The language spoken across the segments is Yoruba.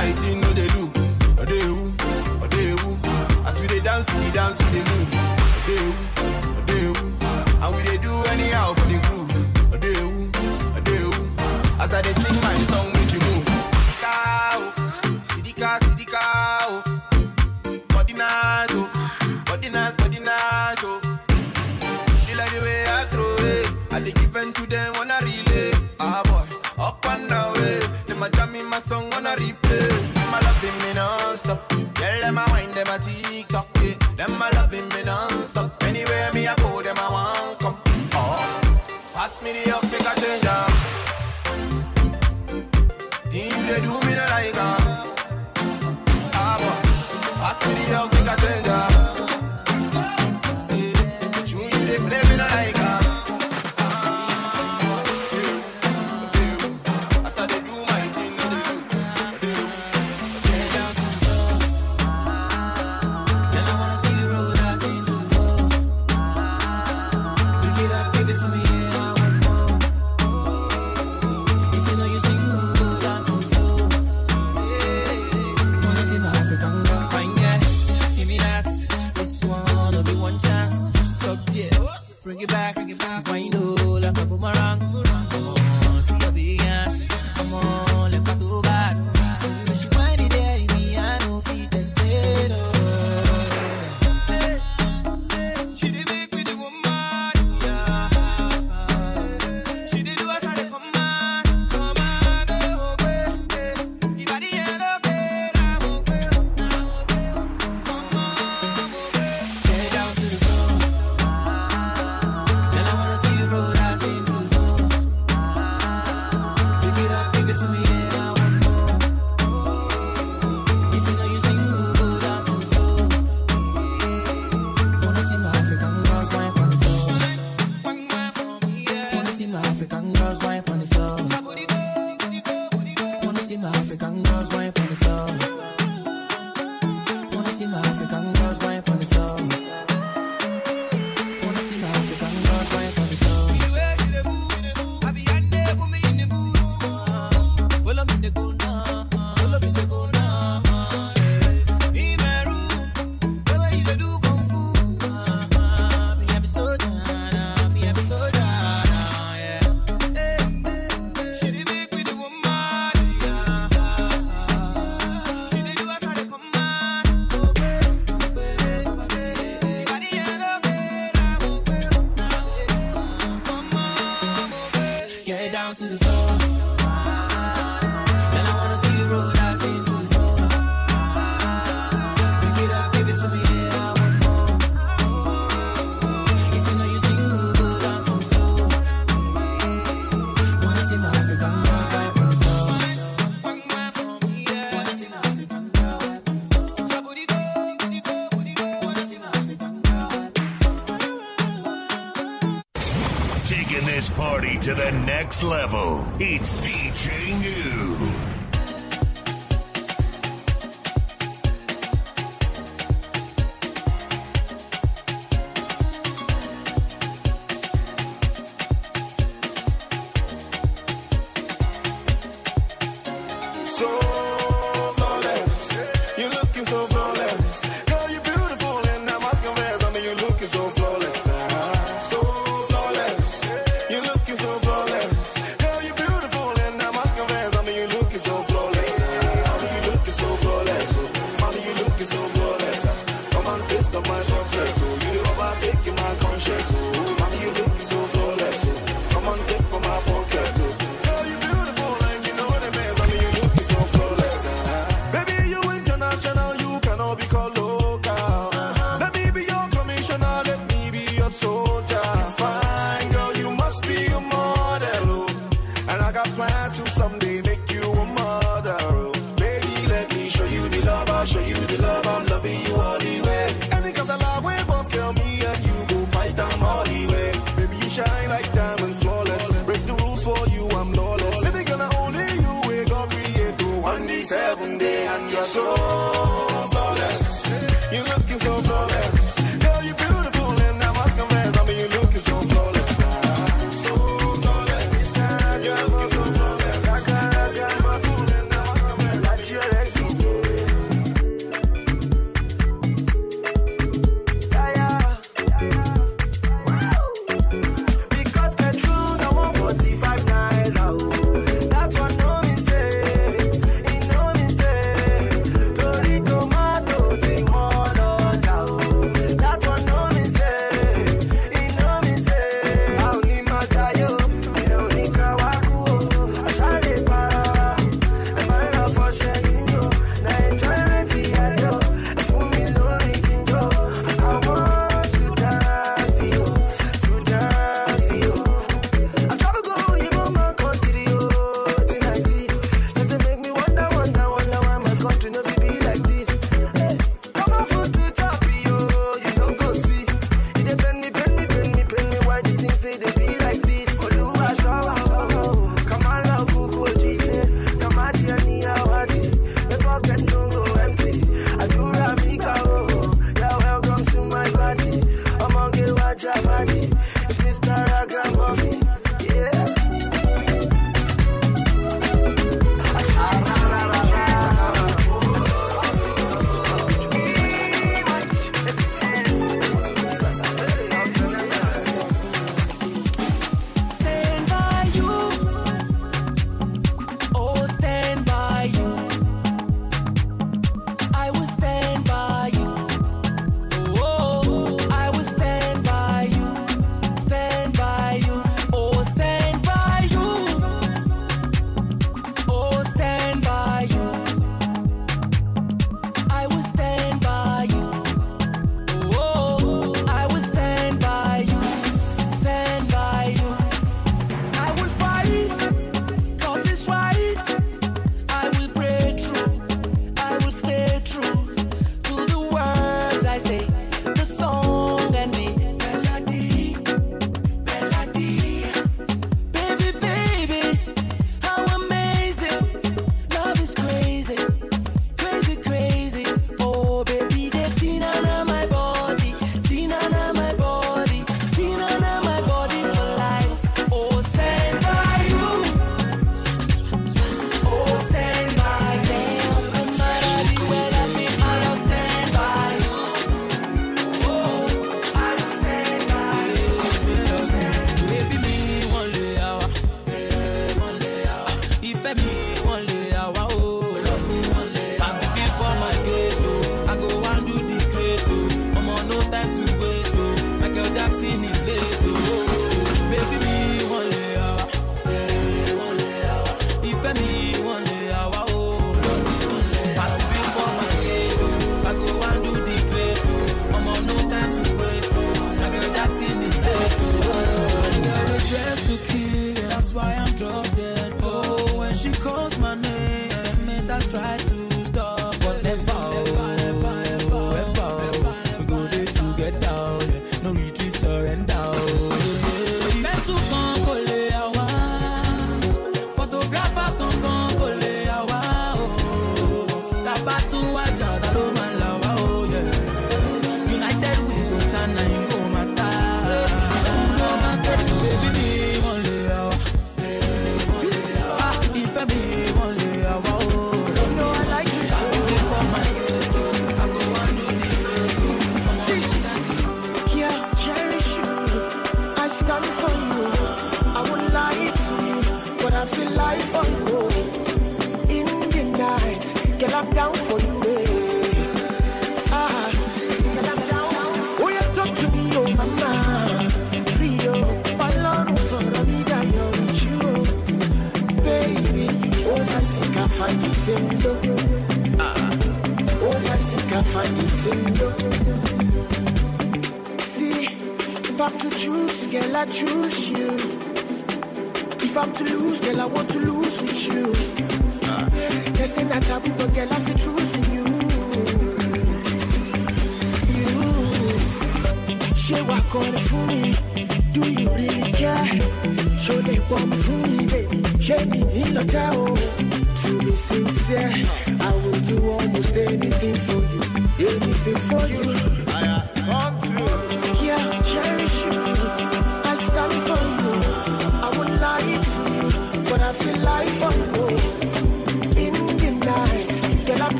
fighting them a wine, them a TikTok, yeah. Them a loving me non-stop. Anywhere me a go, them a want come. Oh, pass me the off.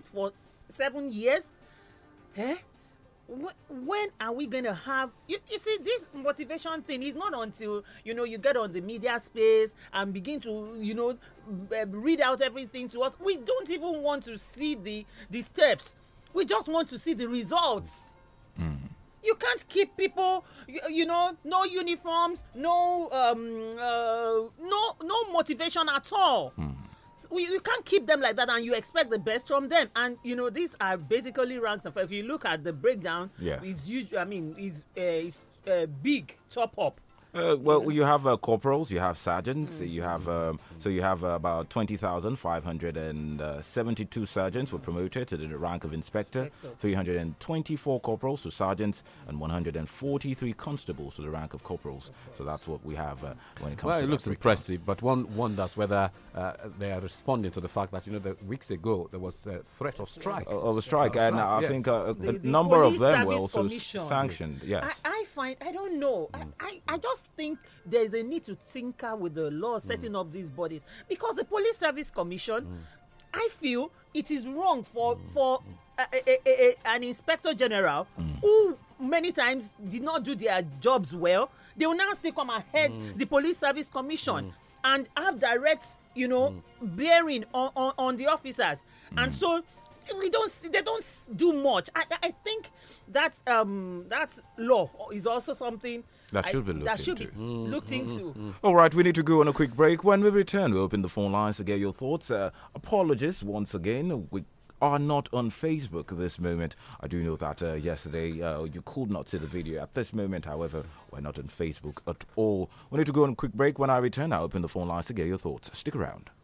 it for seven years? Eh? when are we going to have you, you see this motivation thing is not until you know you get on the media space and begin to you know um, read out everything to us we don't even want to see the the steps we just want to see the results mm. you can't keep people you, you know no uniforms no um, uh, no no motivation at all mm we, you can't keep them like that and you expect the best from them and you know these are basically ranks of if you look at the breakdown yes. it's usually i mean it's uh, it's uh, big top up uh, well, you have uh, corporals, you have sergeants, mm. you have um, so you have uh, about twenty thousand five hundred and uh, seventy-two sergeants were promoted to the rank of inspector, three hundred and twenty-four corporals to sergeants, and one hundred and forty-three constables to the rank of corporals. So that's what we have uh, when it comes. Well, to it looks impressive, but one wonders whether uh, they are responding to the fact that you know that weeks ago there was a threat of strike. Of a strike, and I yes. think a, the, the number of them were also commission. sanctioned. Yes, I, I, find I don't know. Mm. I, I just just think there is a need to tinker with the law hmm. setting mm. up these bodies because the police service commission mm. i feel it is wrong for mm. for a, a, a, an inspector general hmm. who many times did not do their jobs well they will now still come ahead hmm. the police service commission and have direct you know bearing on, on, on the officers and so we don't see, they don't do much i i think that um that law is also something that should be looked that should into. Be looked mm-hmm. into. Mm-hmm. All right, we need to go on a quick break. When we return, we open the phone lines to get your thoughts. Uh, apologies once again. We are not on Facebook at this moment. I do know that uh, yesterday uh, you could not see the video. At this moment, however, we're not on Facebook at all. We need to go on a quick break. When I return, I open the phone lines to get your thoughts. Stick around.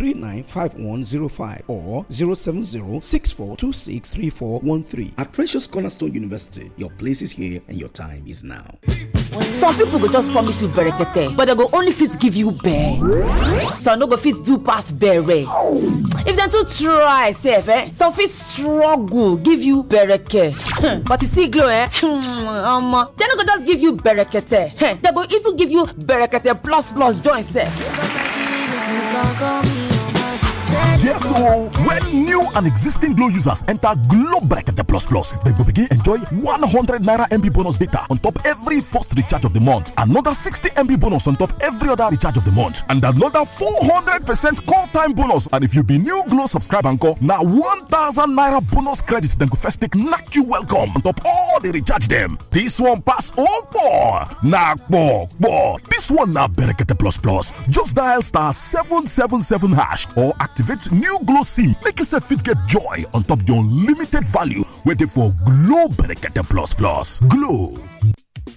0795105 or 070 At Precious Cornerstone University, your place is here and your time is now. Some people go just promise you berekete, but they go only fit give you bear. Some no go fit do pass bere. If they too try safe, eh, some fit struggle give you bereke. Hmm, but you see glow, eh? um, dem no go just give you berekete. They hmm, go even give you berekete plus plus join safe. struggle me Yes, all oh. so when new and existing Glow users enter Glow Bracket Plus Plus, they will begin enjoy 100 Naira MB bonus data on top every first recharge of the month, another 60 MB bonus on top every other recharge of the month, and another 400% call time bonus. And if you be new Glow subscriber encore, now 1000 Naira bonus credit, then go first take knock you welcome on top all the recharge them. This one pass all four. now four, four. This one now Bracket Plus Plus. Just dial star 777 hash or activate activate new glow sim make yourself fit get joy on top your unlimited value waiting for glow breaker plus plus glow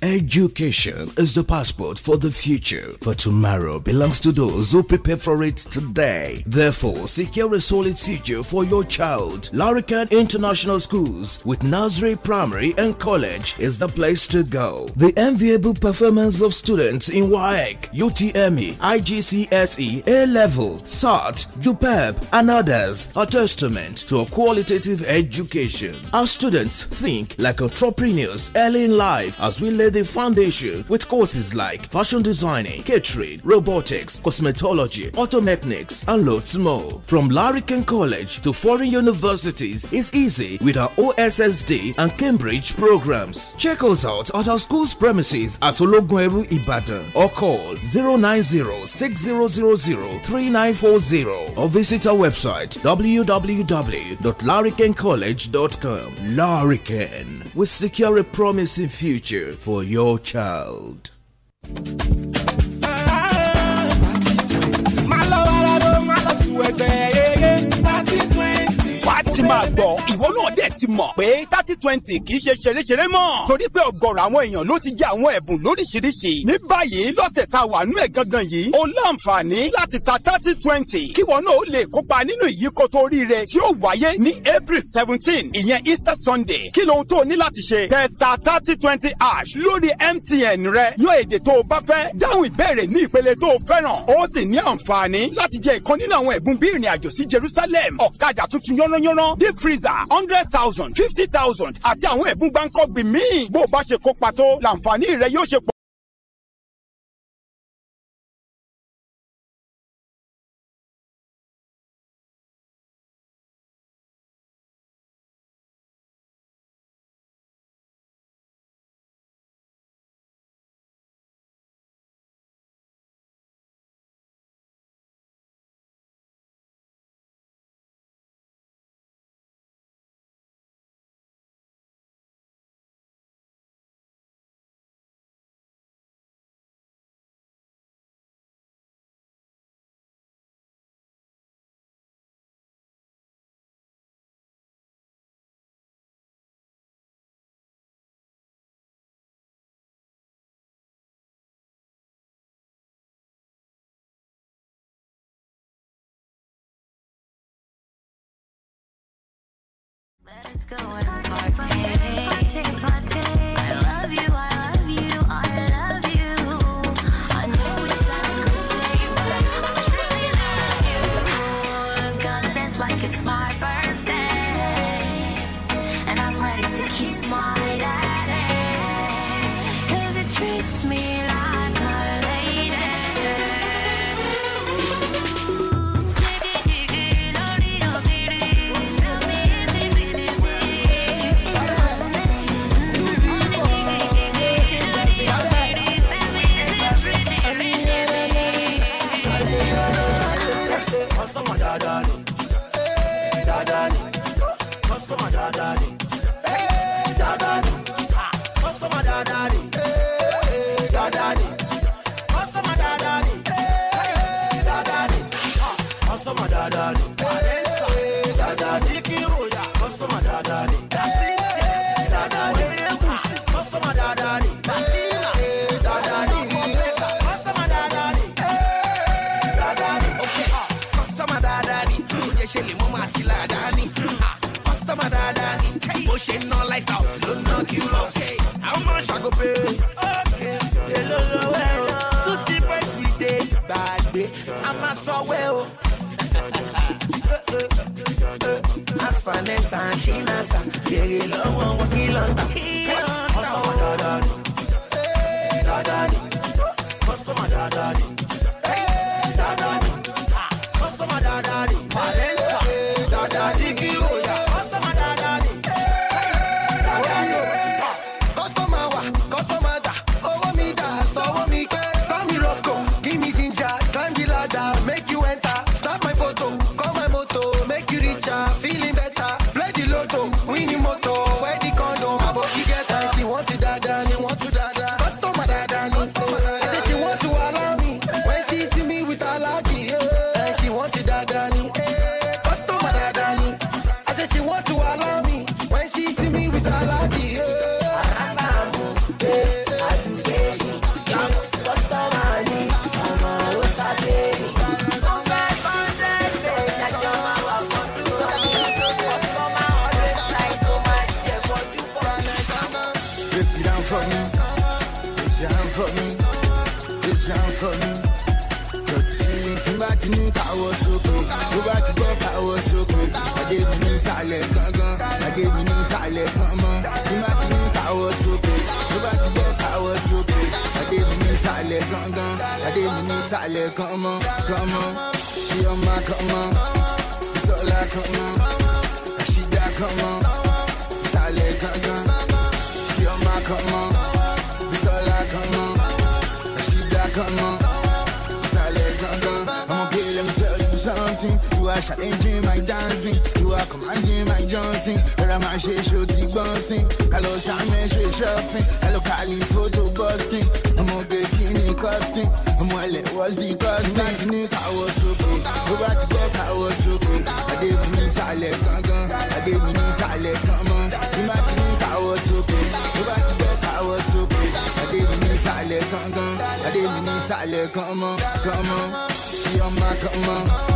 Education is the passport for the future, for tomorrow belongs to those who prepare for it today. Therefore, secure a solid future for your child. Larican International Schools with nursery, primary, and college is the place to go. The enviable performance of students in WAEC, UTME, IGCSE, A level, SAT, JUPEB, and others are testament to a qualitative education. Our students think like entrepreneurs early in life as we the foundation with courses like fashion designing, catering, robotics, cosmetology, auto mechanics, and lots more. From Larican College to foreign universities is easy with our OSSD and Cambridge programs. Check us out at our school's premises at Ologuneru Ibadan or call 090-6000-3940 or visit our website www.laricancollege.com. Larican will secure a promising future for for your child. wàá ti máa gbọ́ ìwọ náà dẹ̀ ti mọ̀ pé thirty twenty kì í ṣe ṣeréṣeré mọ́ torí pé ọ̀gọ̀rọ̀ àwọn èèyàn ló ti jẹ àwọn ẹ̀bùn lóríṣiríṣi ní báyìí lọ́sẹ̀ tá wà nú ẹ̀ gangan yìí o láǹfààní láti ta thirty twenty kíwọ náà lè kópa nínú ìyíkọ́tò oríire tí ó wáyé ní April seventeen ìyẹn Easter Sunday kí lohun tó ní láti ṣe testa thirty twenty ash lórí MTN rẹ yan èdè tó o bá fẹ́ dáhùn ìbéèrè ní ìpele tó o fẹ́ràn ó sì ní àǹfààní láti jẹ ìkan nínú àwọn ẹ̀bùn bí ìrìn àjò sí Jerusalem ọ̀kadà tuntun yánnayán yanranyanran deep freezer hundred thousand fifty thousand àti àwọn ẹ̀bùn gbáǹkọ́gbìn míì bó o bá ṣe kópa tó làǹfààní rẹ yóò ṣe pọ̀. Let's go and party. go pay. Okay, hello, hello, Tutti price we dey gbàgbé, a máa sanwó o. As finance and finance, béèrè lọ́wọ́ wọn kí come on, come on. She on my, come on.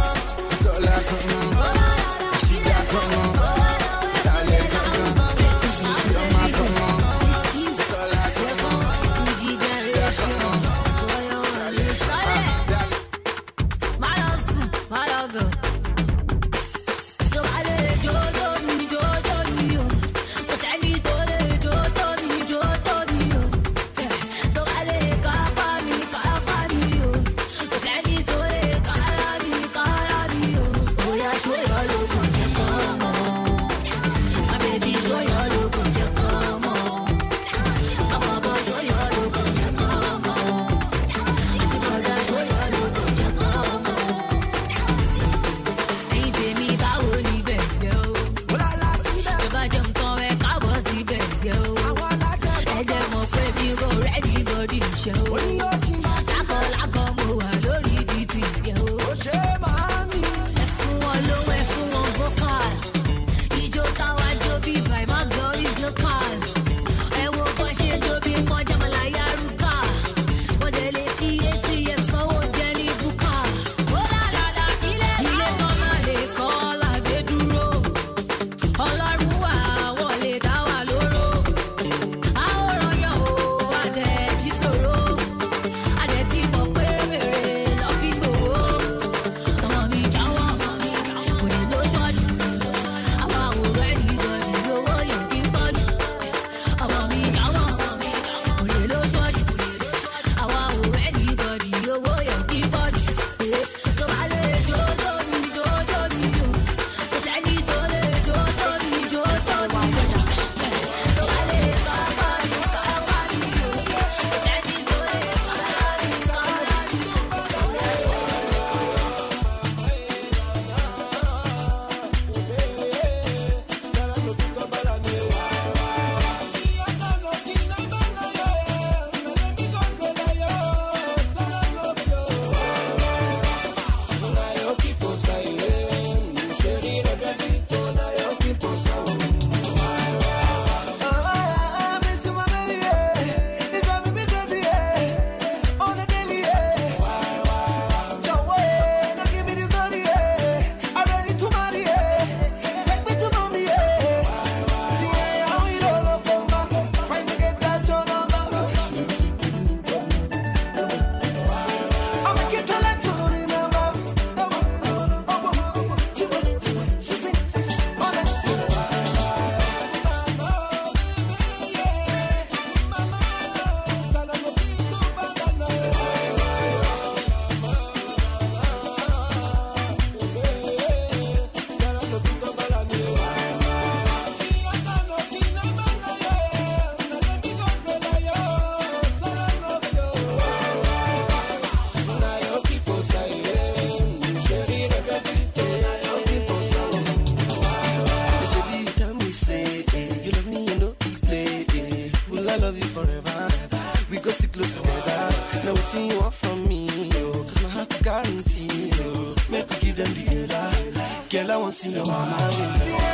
see you on my way.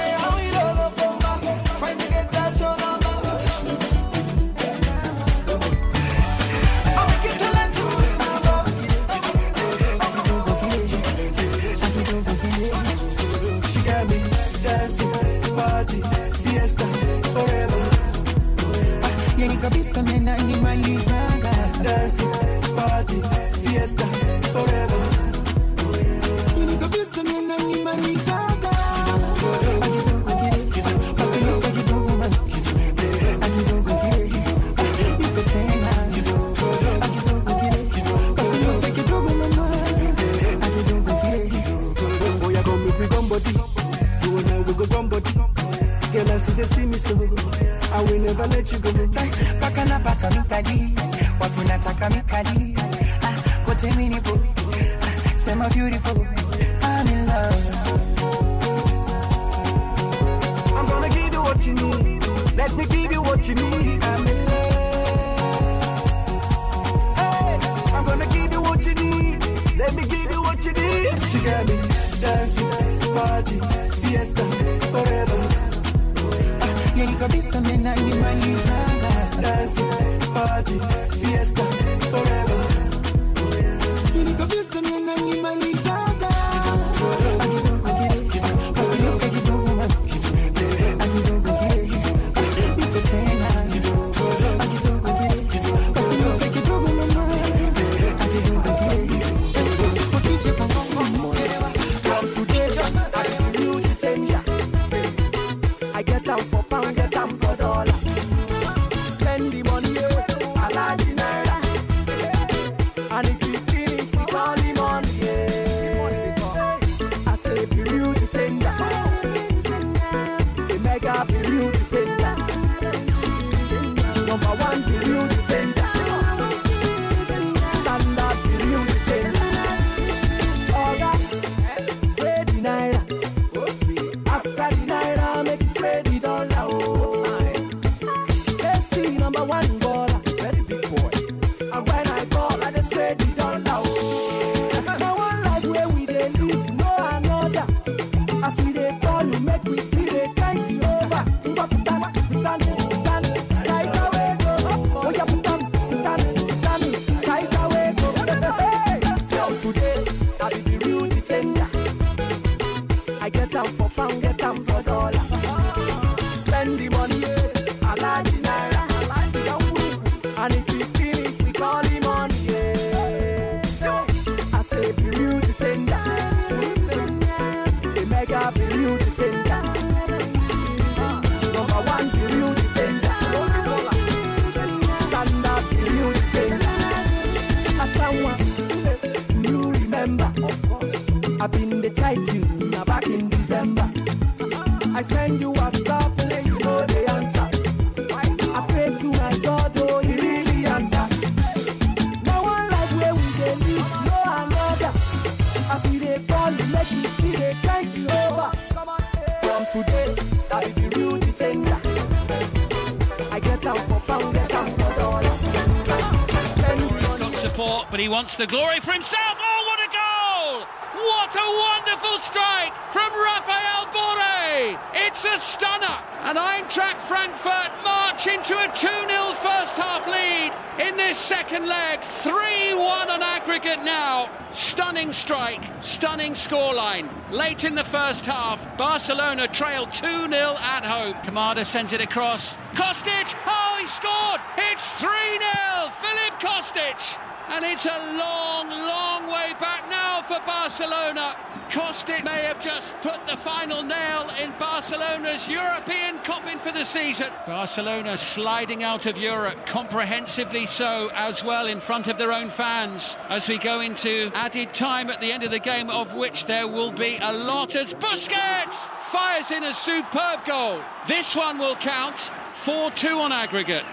wants the glory for himself. Oh, what a goal! What a wonderful strike from Rafael Borre! It's a stunner! And Eintracht Frankfurt march into a 2 0 first half lead in this second leg. 3 1 on aggregate now. Stunning strike, stunning scoreline. Late in the first half, Barcelona trail 2 0 at home. Kamada sent it across. Kostic! Oh, he scored! It's 3 0! Philip Kostic! and it's a long, long way back now for Barcelona. Kostic may have just put the final nail in Barcelona's European coffin for the season. Barcelona sliding out of Europe, comprehensively so as well in front of their own fans, as we go into added time at the end of the game, of which there will be a lot as Busquets fires in a superb goal. This one will count 4-2 on aggregate.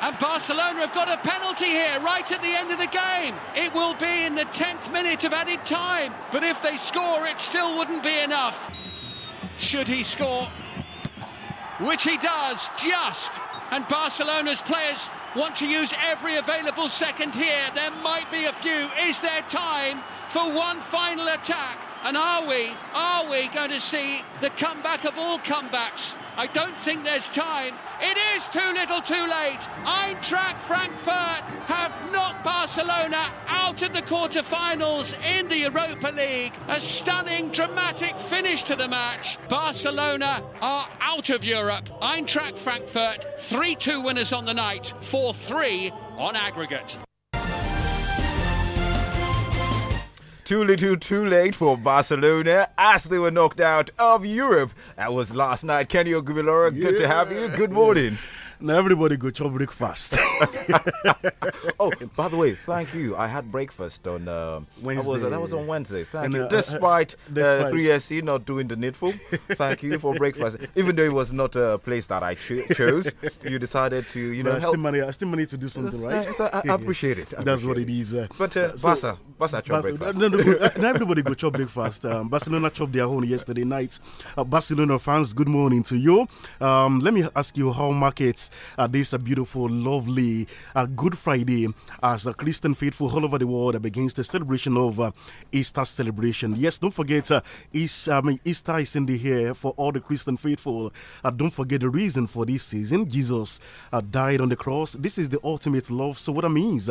And Barcelona have got a penalty here right at the end of the game. It will be in the 10th minute of added time. But if they score, it still wouldn't be enough. Should he score? Which he does, just. And Barcelona's players want to use every available second here. There might be a few. Is there time for one final attack? And are we, are we going to see the comeback of all comebacks? I don't think there's time. It is too little too late. Eintracht Frankfurt have knocked Barcelona out of the quarter-finals in the Europa League. A stunning, dramatic finish to the match. Barcelona are out of Europe. Eintracht Frankfurt, 3-2 winners on the night, 4-3 on aggregate. too little too late for Barcelona as they were knocked out of Europe. That was last night. Kenny Ogumiloro, yeah. good to have you. Good morning. Now everybody go chop breakfast. oh, by the way, thank you. I had breakfast on uh, Wednesday. that was on Wednesday. Thank and, you. Uh, despite uh, three years not doing the needful, thank you for breakfast. Even though it was not a place that I cho chose, you decided to you know I help. money, I still money to do something, right? I, I appreciate it. I That's appreciate what it is. Uh, but uh, so, Basa, Basa chop breakfast. Uh, now everybody go chop breakfast. Um, Barcelona chopped their own yesterday night. Barcelona fans, good morning to you. Um, let me ask you how markets uh, this uh, beautiful, lovely uh, Good Friday as a Christian faithful all over the world begins the celebration of uh, Easter celebration. Yes, don't forget, Easter, uh, I mean, Easter is in the air for all the Christian faithful. Uh, don't forget the reason for this season. Jesus died on the cross. This is the ultimate love. So, what I mean is,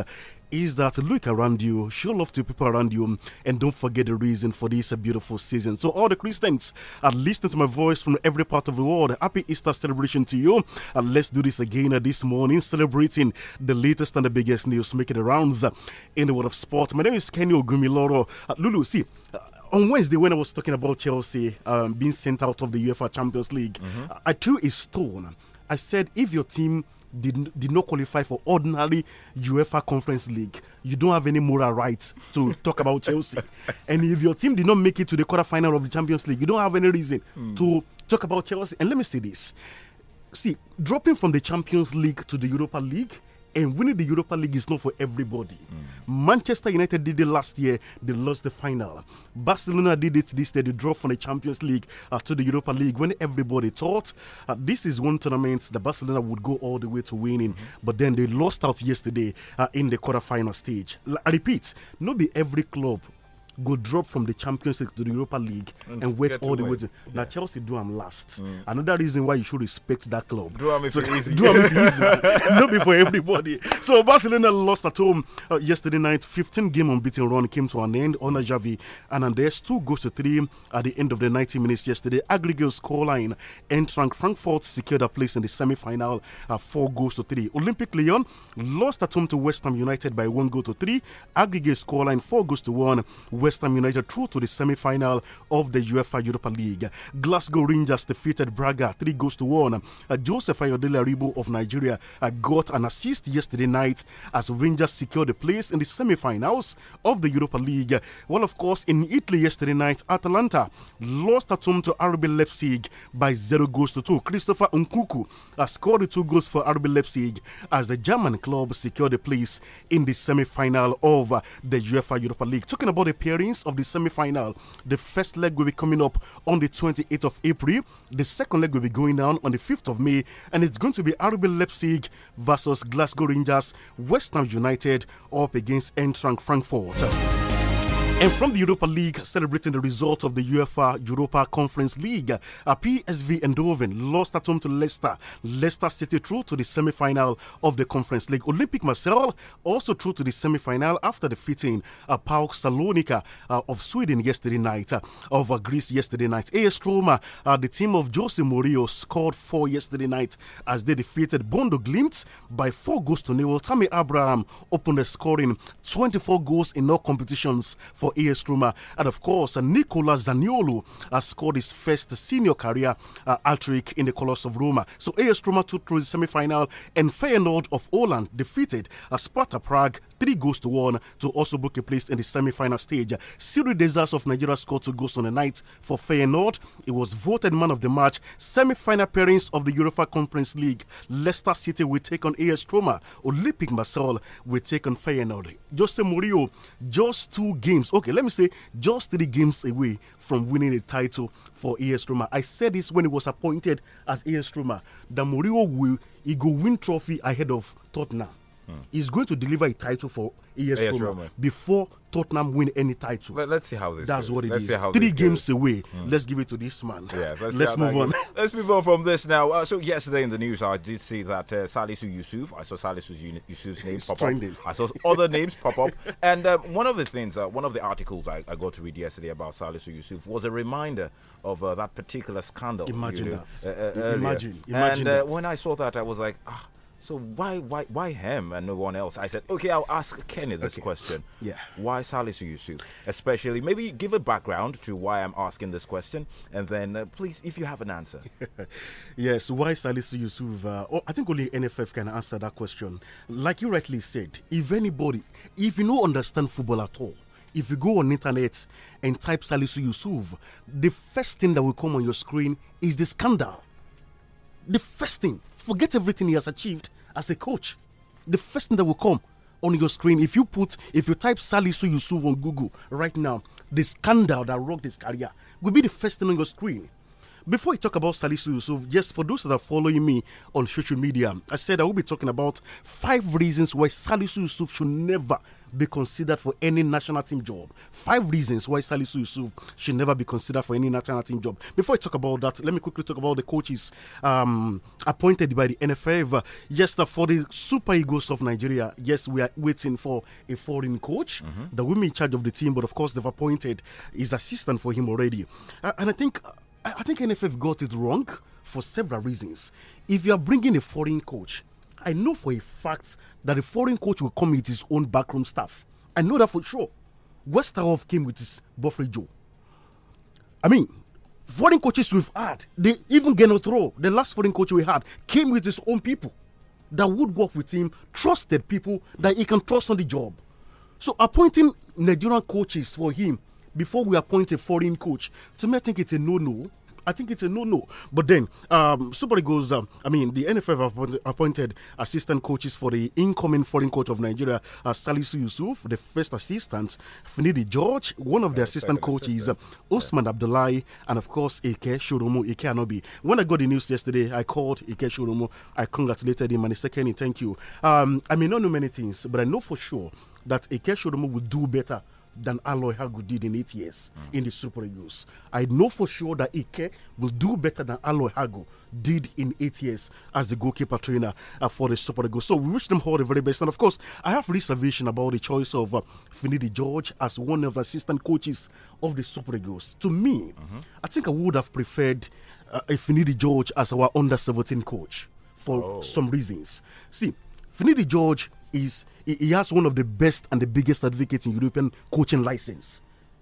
is that look around you, show love to people around you, and don't forget the reason for this beautiful season. So, all the Christians are uh, listening to my voice from every part of the world. Happy Easter celebration to you. And uh, let's do this again uh, this morning, celebrating the latest and the biggest news making the rounds in the world of sport. My name is Kenny Ogumiloro. Lulu, see, on Wednesday when I was talking about Chelsea um, being sent out of the UEFA Champions League, mm -hmm. I threw a stone. I said, if your team did, did not qualify for ordinary UEFA Conference League, you don't have any moral rights to talk about Chelsea. And if your team did not make it to the quarterfinal of the Champions League, you don't have any reason mm. to talk about Chelsea. And let me say this see, dropping from the Champions League to the Europa League and winning the Europa League is not for everybody. Mm. Manchester United did it last year, they lost the final. Barcelona did it this year, they drew from the Champions League uh, to the Europa League when everybody thought uh, this is one tournament that Barcelona would go all the way to winning. Mm. But then they lost out yesterday uh, in the quarterfinal stage. L I repeat, not be every club go drop from the Champions League to the Europa League and, and wait all the way. To, yeah. Now Chelsea do am last. Mm. Another reason why you should respect that club. Do am so, easy. do am easy. Not be for everybody. So Barcelona lost at home uh, yesterday night. 15 game unbeaten run came to an end. Under Javi Hernandez, two goals to three at the end of the 90 minutes yesterday. Aggregate scoreline: Eintracht Frankfurt secured a place in the semi-final, uh, four goals to three. Olympic Lyon lost at home to West Ham United by one goal to three. Aggregate scoreline: four goals to one. West West Ham United through to the semi final of the UEFA Europa League. Glasgow Rangers defeated Braga 3 goals to 1. Uh, Joseph Ayodele Aribo of Nigeria uh, got an assist yesterday night as Rangers secured a place in the semi finals of the Europa League. Well, of course, in Italy yesterday night, Atalanta lost at home to RB Leipzig by 0 goals to 2. Christopher Nkuku uh, scored the two goals for RB Leipzig as the German club secured a place in the semi final of uh, the UEFA Europa League. Talking about the pair of the semi final. The first leg will be coming up on the 28th of April. The second leg will be going down on the 5th of May. And it's going to be RB Leipzig versus Glasgow Rangers, West Ham United up against Eintracht Frankfurt. And from the Europa League, celebrating the result of the UEFA Europa Conference League, uh, PSV Eindhoven lost at home to Leicester. Leicester City through to the semi-final of the Conference League. Olympic Marseille also through to the semi-final after defeating uh, PAOK Salonika uh, of Sweden yesterday night, uh, of uh, Greece yesterday night. AS Roma, uh, the team of Jose Mourinho, scored four yesterday night as they defeated Bondo Glimt by four goals to nil. Tammy Abraham opened the scoring 24 goals in all competitions for for AS Roma. And of course, uh, Nicola Zaniolo has scored his first senior career uh, hat-trick in the colours of Roma. So AS Roma took through the semi-final and Feyenoord of Holland defeated uh, Sparta Prague three goals to one to also book a place in the semi final stage. Siri Desas of Nigeria scored two goals on the night for Feyenoord. He was voted man of the match. Semi final pairings of the UEFA Conference League. Leicester City will take on AS Roma. Olympic Marseille will take on Feyenoord. Jose Murillo, just two games. Okay, let me say, just three games away from winning a title for AS Roma. I said this when he was appointed as AS Roma that Murillo will he go win trophy ahead of Tottenham is going to deliver a title for AS, Roma, Roma, before Tottenham win any title. Let, us see how this. That's goes. what it let's is. Three games goes. away. Mm. Let's give it to this man. Yeah, let's, let's move on. let's move on from this now. Uh, so yesterday in the news, I did see that uh, Salisu Yusuf. I saw Salisu Yusuf's name pop trending. up. I saw other names pop up. And uh, one of the things, uh, one of the articles I, I, got to read yesterday about Salisu Yusuf was a reminder of uh, that particular scandal. Imagine you know, that. Uh, imagine. Imagine. And when I saw that, I was like, ah so why why why him and no one else? I said, okay, I'll ask Kenny this okay. question. Yeah. Why Salisu Yusuf? Especially, maybe give a background to why I'm asking this question, and then uh, please, if you have an answer. yes, why Salisu Yusuf? Uh, oh, I think only NFF can answer that question. Like you rightly said, if anybody, if you don't understand football at all, if you go on internet and type Salisu Yusuf, the first thing that will come on your screen is the scandal. The first thing. Forget everything he has achieved as a coach, the first thing that will come on your screen, if you put, if you type Salisu Yusuf on Google right now, the scandal that rocked his career will be the first thing on your screen. Before we talk about Salisu Yusuf, just for those that are following me on social media, I said I will be talking about five reasons why Salisu Yusuf should never be considered for any national team job. Five reasons why Salisu Yusuf should never be considered for any national team job. Before I talk about that, let me quickly talk about the coaches um, appointed by the NFF. Yes, for the Super Eagles of Nigeria, yes, we are waiting for a foreign coach mm -hmm. that will be in charge of the team, but of course, they've appointed his assistant for him already. Uh, and I think I, think NFF got it wrong for several reasons. If you are bringing a foreign coach, I know for a fact that a foreign coach will come with his own backroom staff. I know that for sure. Westerhoff came with his Buffalo Joe. I mean, foreign coaches we've had, they even Gennaro Throw, the last foreign coach we had, came with his own people that would work with him, trusted people that he can trust on the job. So appointing Nigerian coaches for him before we appoint a foreign coach. To me, I think it's a no no. I think it's a no no. But then, um, goes. um, I mean, the NFF appointed, appointed assistant coaches for the incoming foreign coach of Nigeria, uh, Salisu Yusuf, the first assistant, Finidi George, one of the assistant coaches, assistant. Uh, Osman yeah. Abdullahi, and of course, Ike Shurumu, Ike Anobi. When I got the news yesterday, I called Ike Shurumu, I congratulated him, and he said, Kenny, thank you. Um, I may not know many things, but I know for sure that Ike Shurumu will do better than Aloy Hagu did in eight years mm. in the Super Eagles. I know for sure that Ike will do better than Aloy Hagu did in eight years as the goalkeeper trainer uh, for the Super Eagles. So we wish them all the very best. And of course, I have reservation about the choice of uh, Finidi George as one of the assistant coaches of the Super Eagles. To me, mm -hmm. I think I would have preferred uh, Finidi George as our under 17 coach for oh. some reasons. See, Finidi George is he has one of the best and the biggest certificates in European coaching license.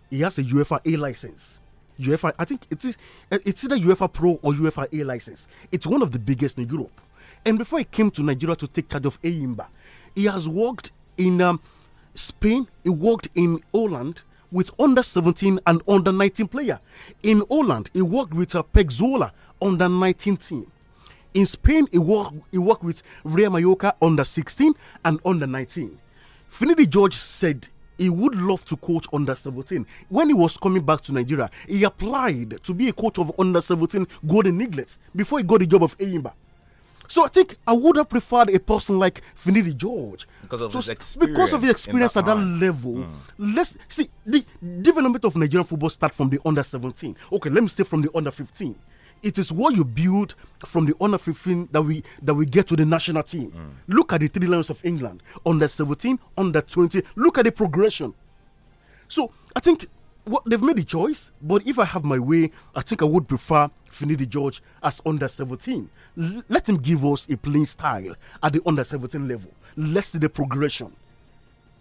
He has a UEFA A license. UEFA, I think it is eh, it's either UEFA Pro or UEFA A license. It's one of the biggest in Europe. And before he came to Nigeria to take charge of Aimba, he has worked in um, Spain. He worked in Holland with under 17 and under 19 player. In Holland, he worked with a uh, Pexola under 19 team. In Spain, he worked he worked with Real Mallorca under 16 and under 19. Finidi George said he would love to coach under 17. When he was coming back to Nigeria, he applied to be a coach of under 17 Golden Eaglets before he got the job of Eyimba. So I think I would have preferred a person like Finidi George because of so his experience, because of his experience that at time. that level. Mm. Let's see the development of Nigerian football start from the under 17. Okay, let me stay from the under 15 it is what you build from the under 15 that we that we get to the national team. Mm. Look at the three lions of England under 17, under 20. Look at the progression. So I think what they've made a choice, but if I have my way, I think I would prefer Finidi George as under 17. L let him give us a playing style at the under 17 level. Let's see the progression.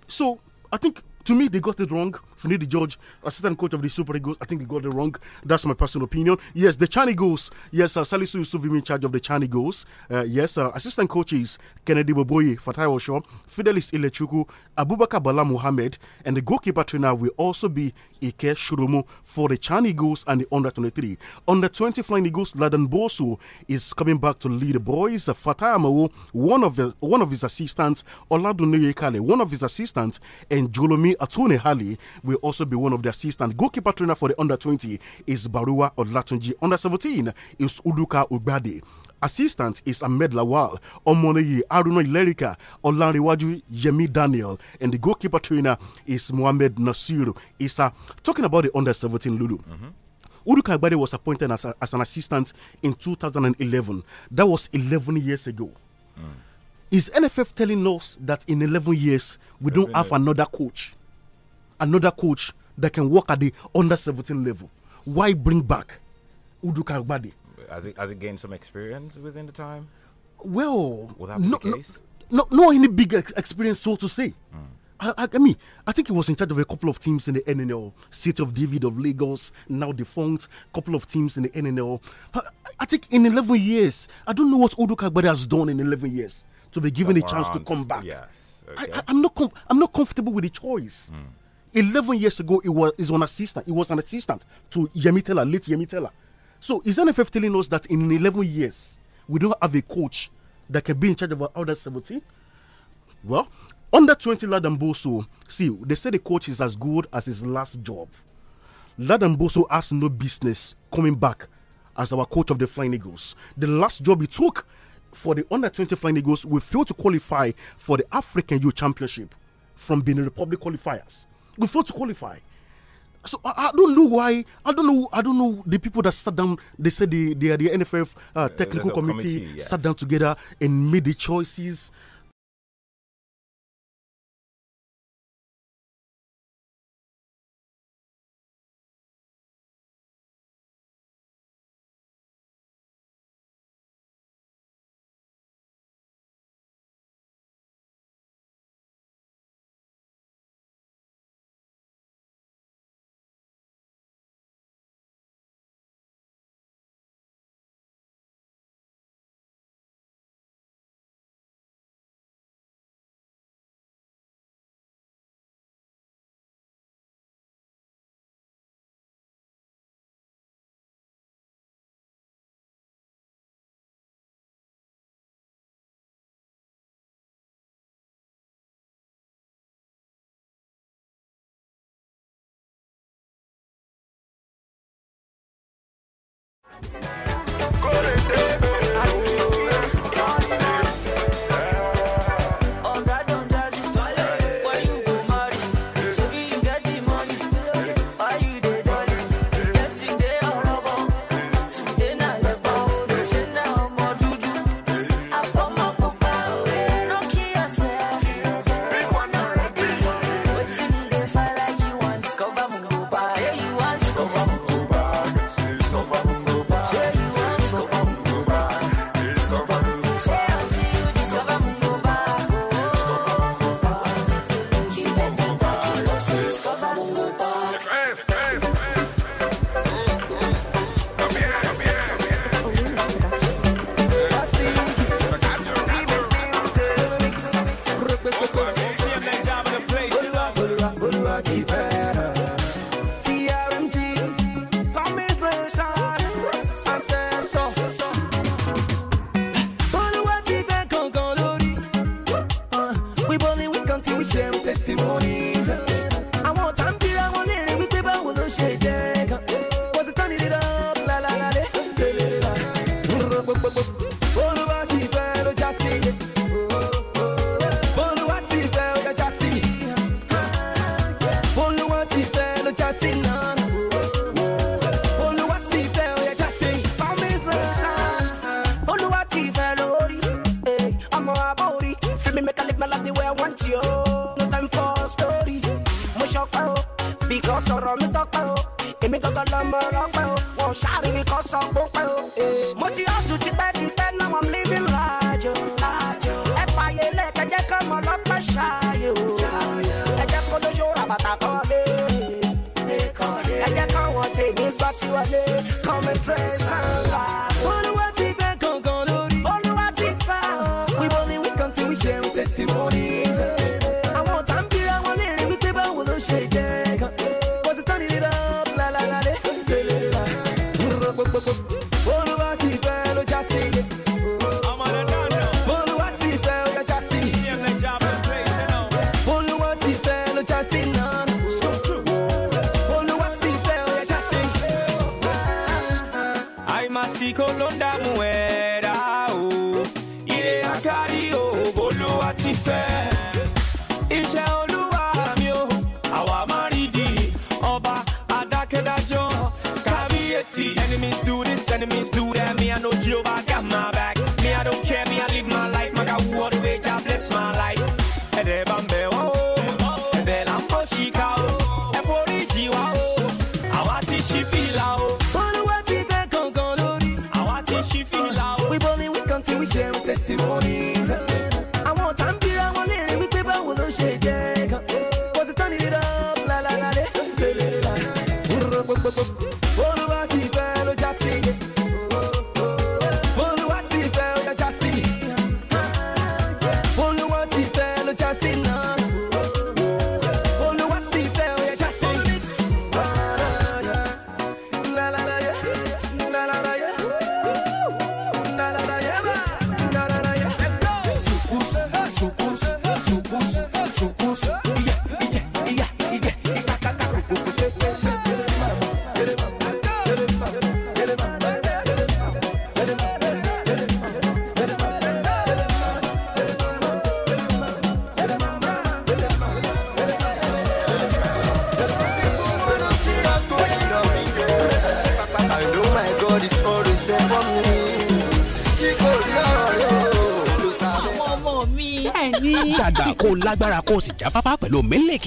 So I think to me, they got it wrong. the George, assistant coach of the Super Eagles, I think they got it wrong. That's my personal opinion. Yes, the Chan Eagles. Yes, uh, Salisu Yusuf in charge of the Chan Eagles. Uh, yes, uh, assistant coaches Kennedy Boboye, Fatai Osho, Fidelis Ilechuku, Abubakar Bala Muhammad, and the goalkeeper trainer will also be Ike Shurumu for the Chan Eagles and the under 23. Under 20 Flying Eagles, Ladan Bosu is coming back to lead the boys. Uh, Fatai one of, the, one of his assistants, Oladuneye Kale, one of his assistants, and Jolomi Atune Hali will also be one of the assistant. Goalkeeper trainer for the under 20 is Barua Olatunji. Under 17 is Uduka Ubadi. Assistant is Ahmed Lawal, Omoneyi, Aruna Ilerika, Olanriwaju, Yemi Daniel, and the goalkeeper trainer is Mohamed Nasir Isa. Talking about the under 17 Lulu. Mm -hmm. Uduka Agbade was appointed as, a, as, an assistant in 2011. That was 11 years ago. Mm. Is NFF telling us that in 11 years we don't have another coach? another coach that can work at the under 17 level. Why bring back Uduka Agbade? Has he, has he gained some experience within the time? Well, no, no, no, any big ex experience, so to say. Mm. I, I, I, mean, I think he was in charge of a couple of teams in the NNL, City of David of Lagos, now defunct, couple of teams in the NNL. I, I think in 11 years, I don't know what Uduka Agbade has done in 11 years to be given a chance to come back. Yes. Okay. I, am not I'm not comfortable with the choice. Mm. 11 years ago, he was his an assistant. He was an assistant to Yemitela, late Yemitela. So is NFF telling us that in 11 years, we don't have a coach that can be in charge of our other 17? Well, under 20 Ladamboso, see, they say the coach is as good as his last job. Ladamboso has no business coming back as our coach of the Flying Eagles. The last job he took for the under 20 Flying Eagles, we failed to qualify for the African Youth Championship from Benin Republic qualifiers. We failed to qualify. So I, I, don't know why. I don't know. I don't know the people that sat down. They said the the the NFF uh, technical committee, committee yes. sat down together and made the choices Bye.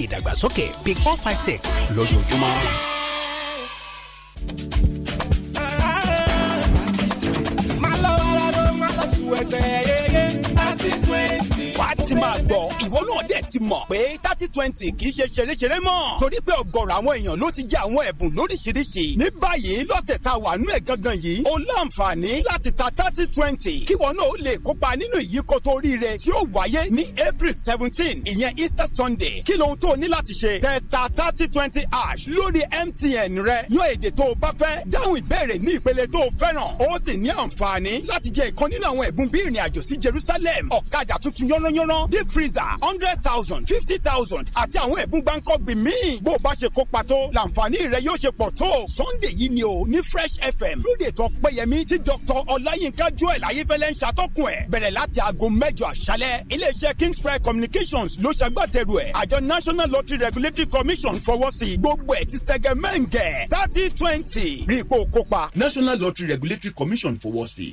òkè ìdàgbàsókè big four five six lójoojúmọ́. máa máa thirty twenty. gbọ́ ìwọ náà dẹ̀ ti mọ̀ pé thirty twenty kì í ṣe ṣeréṣeré mọ́. torí pé ọ̀gọ̀rọ̀ àwọn èèyàn ló ti jẹ àwọn ẹ̀bùn lóríṣiríṣi. ní báyìí lọ́sẹ̀ tá a wà nú ẹ̀ gangan yìí ó láǹfààní láti twenty kí wọn náà ó lè kópa nínú ìyíkọ́tọ̀ oríire tí ó wáyé ní april seventeen ìyẹn easter sunday kí lohun tó o ní láti ṣe testa thirty twenty ash lórí mtn rẹ yan èdè tó o bá fẹ́ dáhùn ìbéèrè ní ìpele tó o fẹ́ràn ó sì ní àǹfààní láti jẹ ìkan nínú àwọn ẹ̀bùn bí ìrìn àjò sí jerusalem ọ̀kadà tuntun yánnayànna deep freezer hundred thousand fifty thousand àti àwọn ẹ̀bùn gbáǹkọ́gbìn míì bó o bá ṣe kópa tó làǹfààní rẹ yóò ṣe pọ̀ tó sunday yìí ni o ní fresh fm lóde tó pẹ́yẹmí tí dr ọláyínká jó joel ayéfẹ́lẹ́ ń ṣàtọ́kùn ẹ̀ bẹ̀rẹ̀ láti aago mẹ́jọ àṣálẹ́ iléeṣẹ́ kingsfry communications ló ṣagbátẹrù ẹ̀ àjọ national lottery regulatory commission fọwọ́ sí gbogbo ẹ̀ ti sẹ́gẹ̀ mẹ́ǹgẹ̀ thirty twenty rí ipò kópa national lottery regulatory commission fọwọ́ sí.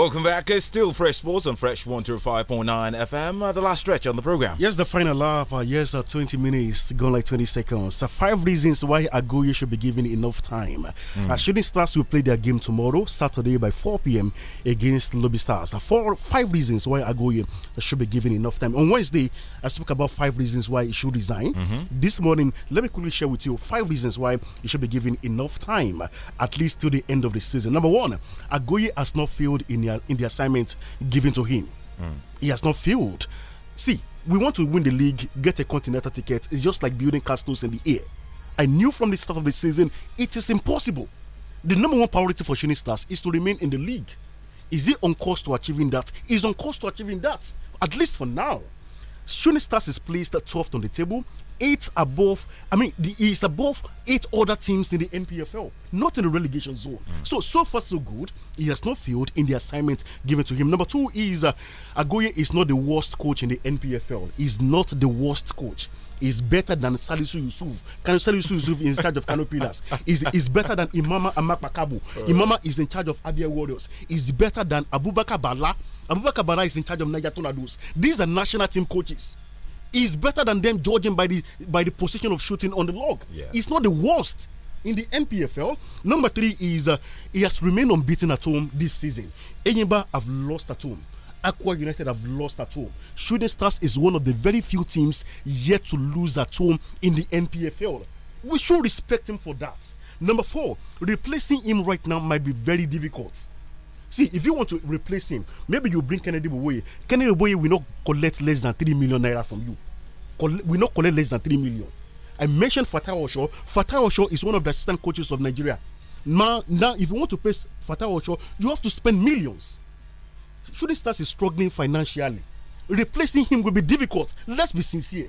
Welcome back. It's still Fresh Sports on Fresh 105.9 FM. Uh, the last stretch on the program. Yes, the final lap. Uh, yes, uh, 20 minutes, gone like 20 seconds. Uh, five reasons why Agoye should be given enough time. Mm. Uh, shooting Stars will play their game tomorrow, Saturday by 4 p.m. against Lobby Stars. Uh, four, five reasons why Agoye should be given enough time. On Wednesday, I spoke about five reasons why he should resign. Mm -hmm. This morning, let me quickly share with you five reasons why he should be given enough time, at least to the end of the season. Number one, Agoye has not failed in in the assignment given to him. Mm. He has not failed. See, we want to win the league, get a continental ticket. It's just like building castles in the air. I knew from the start of the season it is impossible. The number one priority for Shining Stars is to remain in the league. Is he on course to achieving that? He's on course to achieving that, at least for now. Shining Stars is placed at 12th on the table eight above. I mean, the, he's above eight other teams in the NPFL, not in the relegation zone. Mm. So so far so good. He has not failed in the assignment given to him. Number two is uh, Agoye is not the worst coach in the NPFL. He's not the worst coach is better than Salisu Yusuf. Can Salisu Yusuf is in charge of Kano Pillars? Is is better than Imama Amak Makabu. Uh, Imama is in charge of Abia Warriors. Is better than Abubakar Bala. Abubakar Bala is in charge of Niger Tornadoes. These are national team coaches. Is better than them judging by the by the position of shooting on the log. Yeah. It's not the worst in the NPFL. Number three is uh, he has remained unbeaten at home this season. Enyimba have lost at home. Aqua United have lost at home. Shooting Stars is one of the very few teams yet to lose at home in the NPFL. We should respect him for that. Number four, replacing him right now might be very difficult See, if you want to replace him, maybe you bring Kennedy Boye. Kennedy Boye will not collect less than 3 million naira from you. We not collect less than 3 million. I mentioned Fatah Osho. Fatah Osho is one of the assistant coaches of Nigeria. Now, now if you want to pay Fatah Osho, you have to spend millions. should Shouldn't is struggling financially. Replacing him will be difficult. Let's be sincere.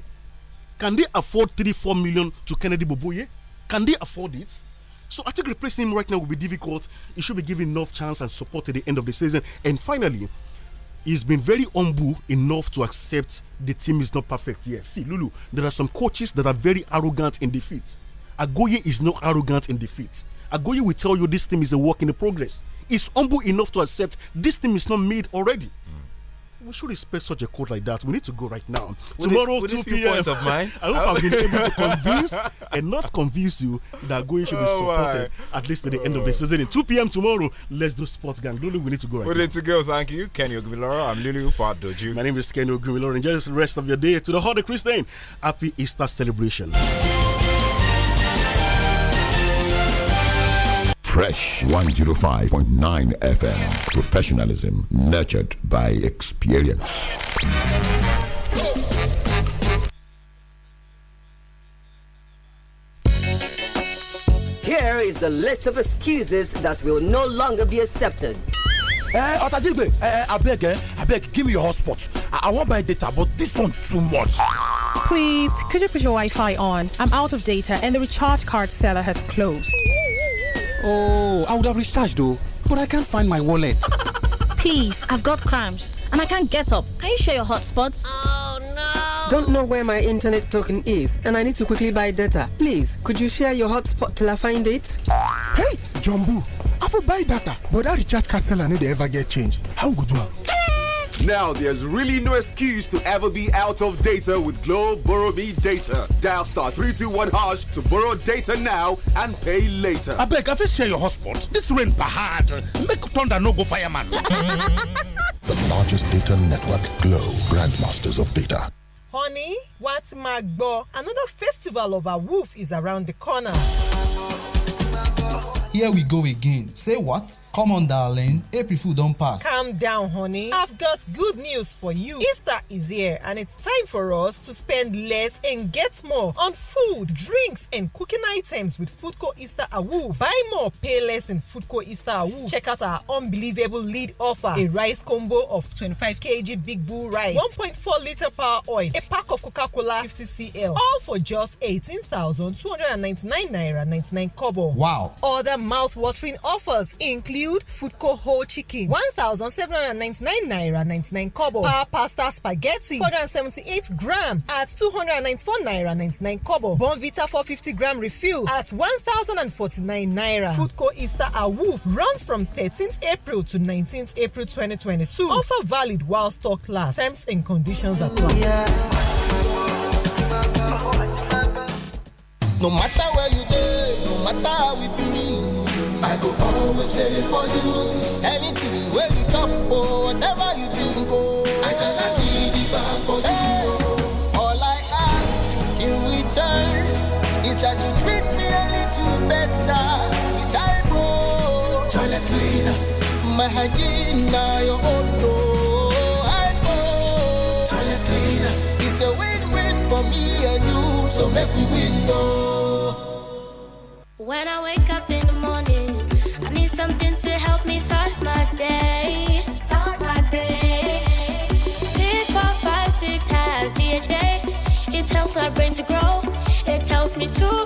Can they afford 3 4 million to Kennedy Boboye? Can they afford it? So I think replacing him right now will be difficult. He should be given enough chance and support at the end of the season. And finally, he's been very humble enough to accept the team is not perfect. yet. see, Lulu, there are some coaches that are very arrogant in defeat. Agoye is not arrogant in defeat. Agoye will tell you this team is a work in the progress. He's humble enough to accept this team is not made already. Mm we should respect such a code like that. We need to go right now. With Tomorrow, 2 p.m. of mine, I hope I've been able to convince and not convince you that Goye should oh be supported my. at least to the oh. end of the season. In 2 p.m. tomorrow, let's do sports gang. Lulu, we need to go right we now. We need to go. Thank you, Kenny Ogumiloro. I'm Lulu Fadoju. My name is Kenny Ogumiloro. Enjoy the rest of your day. To the Holy Christian, happy Easter celebration. Fresh 105.9 FM. Professionalism nurtured by experience. Here is the list of excuses that will no longer be accepted. Eh, Otajigbe, eh, abeg, eh, abeg, eh, give me your hotspot. I, I want my data, but this one too much. Please, could you put your Wi-Fi on? I'm out of data and the recharge card seller has closed. Oh, I would have recharged though, but I can't find my wallet. Please, I've got cramps and I can't get up. Can you share your hotspots? Oh no! Don't know where my internet token is and I need to quickly buy data. Please, could you share your hotspot till I find it? Hey, Jumbo, I will buy data, but that recharge card seller need ever get change. How good one? Now there's really no excuse to ever be out of data with Glow Borrow Me Data. Dial star 321 hash to borrow data now and pay later. I beg, I fit share your hotspot. This rain bahad. Make thunder no go fireman. the largest data network, Glow, grandmasters of data. Honey, what's my go? Another festival of a wolf is around the corner. Here we go again. Say what? Come on, darling. April Fool don't pass. Calm down, honey. I've got good news for you. Easter is here, and it's time for us to spend less and get more on food, drinks, and cooking items with Foodco Easter Awu. Buy more, pay less in Foodco Easter Awu. Check out our unbelievable lead offer: a rice combo of 25 kg Big Bull rice, 1.4 liter power oil, a pack of Coca-Cola 50 cl, all for just 18,299 naira 99 kobo. Wow. Order mouth-watering offers include Foodco whole chicken, 1,799 naira 99 kobo. Power pasta spaghetti, 478 gram at 294 naira 99 kobo. Bonvita 450 gram refill at 1,049 naira. Foodco Easter Awoof runs from 13th April to 19th April 2022. Offer valid while stock lasts. Terms and conditions apply. Yeah. No matter where you no matter how we be. I go always ready for you. Anything where you chop or whatever you drink, oh. I cannot be the bar for hey. you. All I ask in return is that you treat me a little better. It's I bro. Toilet cleaner. My hygiene now your own door. know. Toilet cleaner. It's a win-win for me and you. So make me win, no. Oh. When I wake to grow. It tells me to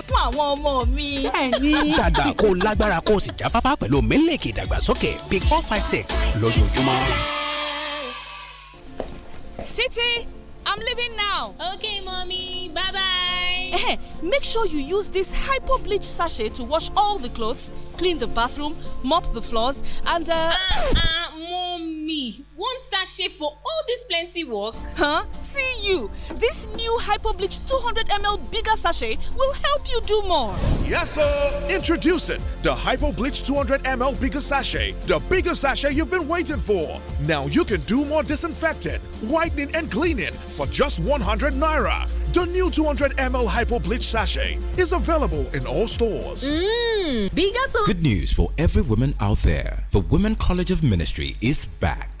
fún àwọn ọmọ mi. bẹ́ẹ̀ni. dàgbà kó lágbára kó sì jáfáfá pẹ̀lú mílíkì ìdàgbàsókè big four five six lójoojúmọ́. títí I'm leaving now. Okay, mommy. Bye bye. Eh, Make sure you use this hypo bleach sachet to wash all the clothes, clean the bathroom, mop the floors, and uh. uh, uh me one sachet for all this plenty work? Huh? See you. This new Hyperbleach 200ml bigger sachet will help you do more. Yes, sir. Introducing the Hyperbleach 200ml bigger sachet. The bigger sachet you've been waiting for. Now you can do more disinfecting, whitening, and cleaning for just 100 naira. The new 200 ml Hypo Bleach Sachet is available in all stores. Mmm, bigger Good news for every woman out there. The Women College of Ministry is back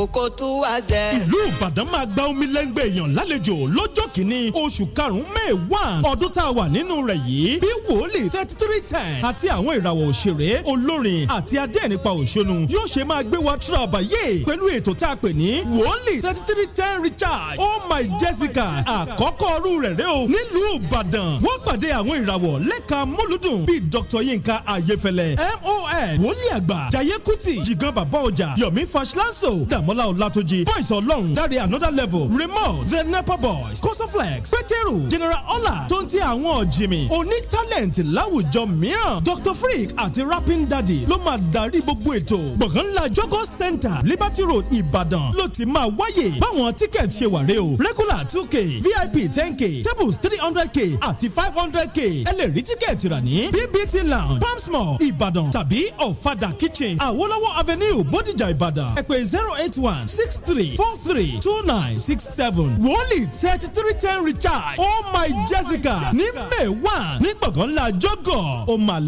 Òkòtú Azẹ. Ìlú Ìbàdàn máa gba omi lẹ́ngbẹ̀ẹ́ èèyàn lálejò lọ́jọ́ kìíní oṣù karùn-ún May one ọdún tá a wà nínú rẹ̀ yìí bí wòlíì thirty three ten àti àwọn ìràwọ̀ òṣèré olórin àti adẹ́rìnpa òṣónú yóò ṣe máa gbé wa tura àbáyé pẹ̀lú ètò tá a pè ní wòlíì thirty three ten Richard oh my Jessica àkọ́kọ́ ọrú rẹ̀ rẹ́ o nílùú Ìbàdàn wọ́n pàdé àwọn ìràwọ̀ lẹ́ka mọ́lúdùn bíi Dr Yinka Ayefẹ́lẹ́ MON wòlíì àgbà Jaye Kuti Jigan Baba Ọjà Yomi Fashlanso Dàmọ́ Dàmọ́lá Ọlátúnjí Boys Ọlọ́run Dáre Another Level Remote The Nepa Boys Costoflex Pétérù General Ọlá tó ń ti àwọn jìmì oní tálẹ̀ǹtì láwùjọ mìíràn Dr Freak àti Rapping Daddy ló máa darí gbogbo ètò Gbọ̀ngànlá Jogo Center Liberty Road Ìbàdàn ló ti máa wáyè báwọn tíkẹ̀tì ṣe wà rè o regular two k VIP ten k tables three hundred k àti five hundred k ẹ lè rí rà ní BBT Lounge Palms Mall Ìbàdàn tàbí Ọ̀fadà Kitchen Àwọlọ́wọ́ Avenue Bódìjà Ìbàdàn ẹ pè zero eight one six three four three two nine six seven wọ́ọ̀lì thirty three ten recharge oh my oh jessica ní may one ní gbọ̀ngàn ńlá jọ́gọ̀ ó máa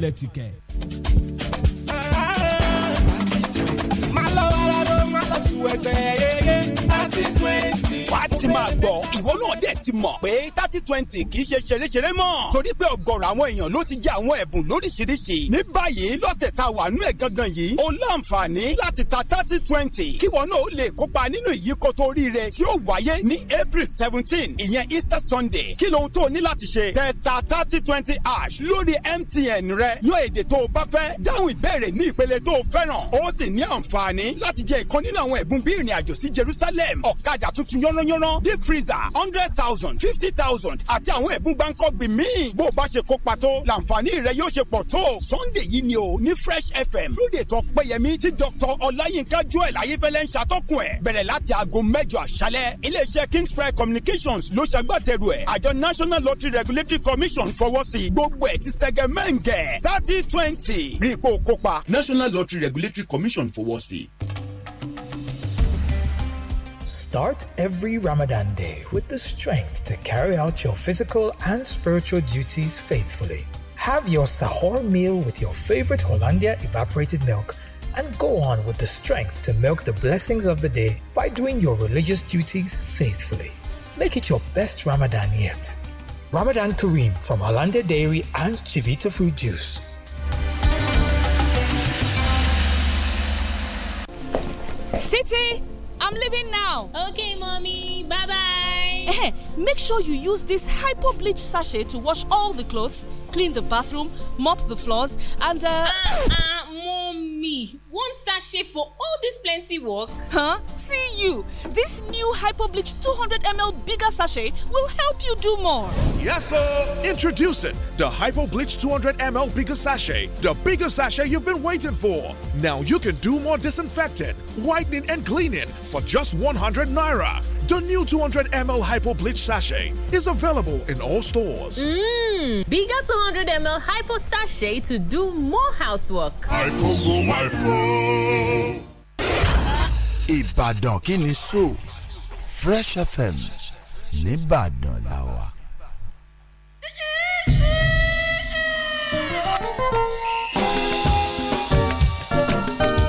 lẹ́tìkẹ́. máa lọ wàrà ló máa lọ sùn ẹgbẹ́ yẹ́yẹ́ thirty twenty wàá ti máa gbọ́ ìwọ náà dẹ̀ ti mọ̀ pé thirty twenty kì í ṣe ṣeréṣeré mọ́ torí pé ọ̀gọ̀rọ̀ àwọn èèyàn ló ti jẹ àwọn ẹ̀bùn lóríṣiríṣi ní báyìí lọ́sẹ̀ tá a wà nú ẹ̀ gangan yìí o láǹfààní láti ta thirty twenty kí wọn náà ó lè kópa nínú ìyíkọ́tò oríire tí ó wáyé ní April seventeen ìyẹn Easter Sunday kí lohun tó ní láti ṣe testa thirty twenty ash lórí MTN rẹ yan èdè tó o bá fẹ́ dáhùn ìbéèrè ní ìpele tó o fẹ́ràn ó sì ní àǹfààní láti jẹ ìkan nínú àwọn ẹ̀bùn bí ìrìn àjò sí Jerusalem ọ̀kadà tuntun yánnayàn yanranyanran deep freezer hundred thousand fifty thousand àti àwọn ẹ̀bùn gbáǹkọ́gbìn míì bó o bá ṣe kópa tó làǹfààní rẹ yóò ṣe pọ̀ tó sunday yìí ni o ní fresh fm lóde tó péyẹmí tí dr ọláyínká joel ayéfẹ́lẹ́ ń ṣàtọ́kùn ẹ̀ bẹ̀rẹ̀ láti aago mẹ́jọ àṣálẹ́ iléeṣẹ́ kingspride communications ló ṣàgbàtẹ̀rù ẹ̀ àjọ national lottery regulatory commission fọwọ́ sí gbogbo ẹ̀ ti sẹ́gẹ̀ mẹ́ǹgẹ̀ thirty twenty rí ipò kópa national lottery regulatory commission fọwọ́ sí. Start every Ramadan day with the strength to carry out your physical and spiritual duties faithfully. Have your sahur meal with your favorite Hollandia evaporated milk and go on with the strength to milk the blessings of the day by doing your religious duties faithfully. Make it your best Ramadan yet. Ramadan Kareem from Hollandia Dairy and Chivita Fruit Juice. Titi! I'm leaving now. Okay, mommy. Bye bye. Eh, make sure you use this hypo bleach sachet to wash all the clothes, clean the bathroom, mop the floors, and uh. uh, uh One sachet for all this plenty work? Huh? See you! This new Hyperbleach 200ml bigger sachet will help you do more. Yes, sir! Introducing the Hyperbleach 200ml bigger sachet, the bigger sachet you've been waiting for. Now you can do more disinfecting, whitening, and cleaning for just 100 naira. The new 200 ml Hypo Bleach Sachet is available in all stores. Mmm, bigger 200 ml Hypo Sachet to do more housework. Hypo, go, hypo. Ibadan kini so Fresh FM nìbàdàn làwà.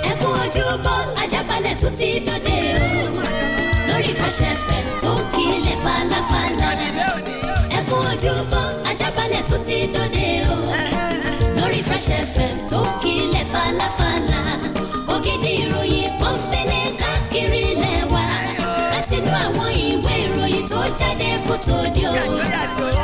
ẹ kú ojúbọ Ajábalẹ̀ tún ti dé. lórí Fresh FM tó kílẹ̀ falafala ẹ kú ojúmọ́ ajábalẹ̀ tó ti dòde o lórí Fresh tó kílẹ̀ falafala ògidì ìròyìn pọ́npẹ́lẹ́ káàkiri lẹ́wà látinú àwọn ìwé ìròyìn tó jáde fótó di o.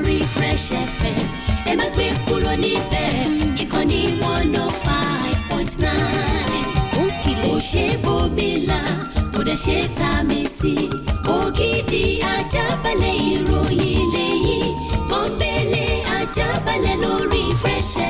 lórí Fresh FM ẹ má gbé kúrò níbẹ̀ ìkànnì one oh five point nine. ó kìlẹ̀ ó ṣe bómi la kò dẹ̀ ṣe tá a mi sí. ògidì ajábalẹ̀ ìròyìn lẹ́yìn gbọ̀ngbẹ̀lẹ̀ ajábalẹ̀ lórí Fresh FM.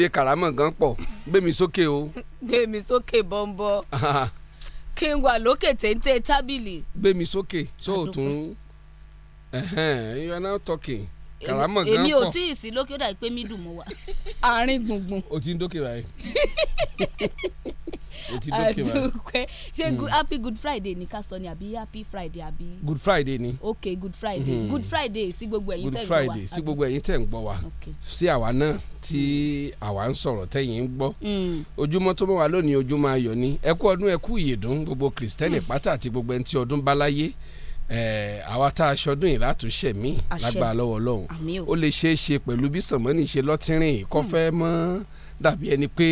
èdè karamọ gan pọ̀ gbẹmí sókè o. gbẹmí sókè bọ́ńbọ́ kí n wà lókè téńté tábìlì. gbẹmí sókè so you are now talking karamọ gan pọ̀. èmi ò tí ì sí lókè ó mi dùn mọ́ wa àárín gbùngbùn. o ti ń dókè báyìí. àdúpẹ́ ṣé hmm. happy good friday ní ká sọ ni àbí happy friday àbí. good friday ni. ok good friday mm. good friday sí gbogbo ẹ̀yin tẹ̀ ń gbọ́ wa. good friday sí gbogbo ẹ̀yin tẹ̀ ń gbọ́ wa sí àwa náà tí àwa ń sọ̀rọ̀ tẹ̀yin ń gbọ́. Hmm. ojúmọ́ tó mọ́ wa lónìí ojúmọ́ ayọ̀ ni ẹ kú ọdún ẹ kú ìyèdún gbogbo kìrìsìtẹ́nì hmm. pátá àti gbogbo ẹni tí ọdún bá láyé àwa tá a ṣọdún yìí látúnṣe mí lágbàá lọ́wọ́ Ọlọ́run ó lè ṣeé ṣe pẹ̀lú bí sànmọ́nì ṣe lọ́tírìn kọ́fẹ́ mọ́ dàbí ẹni pé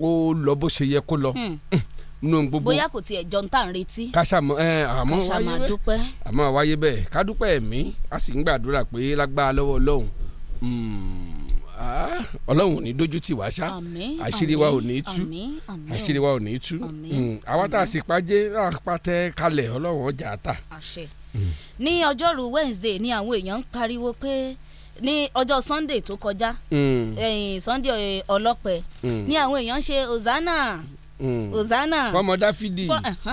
ó lọ bó ṣe yẹ kó lọ hmm. Hmm. nínú gbogbo bóyá kò tiẹ̀ jọ tá à ń retí. káṣàmọ ẹ àmọ́ wáyé bẹ́ẹ̀ àmọ́ wáyé bẹ́ẹ̀ kádúpẹ́ ẹ̀mí a sì ń gbàdúrà pé lágbára lọ́wọ́ ọlọ́run hmm, ọlọ́run ò ní dójú tì wá ṣá àṣírí wa ò ní tú àṣírí wa ò ní tú àwa tá a sì pàjẹ́ àpàtẹ kalẹ̀ ọlọ́run ọjà ta. ní ọjọ́rú Wednesday ni àwọn èèyàn ń pariwo pé. Pe ní ọjọ́ sunday tó kọjá hmm. sunday eh, ọlọ́pẹ hmm. ní àwọn èèyàn ṣe ozana. Hmm. Ozana. fọmọ dáfídì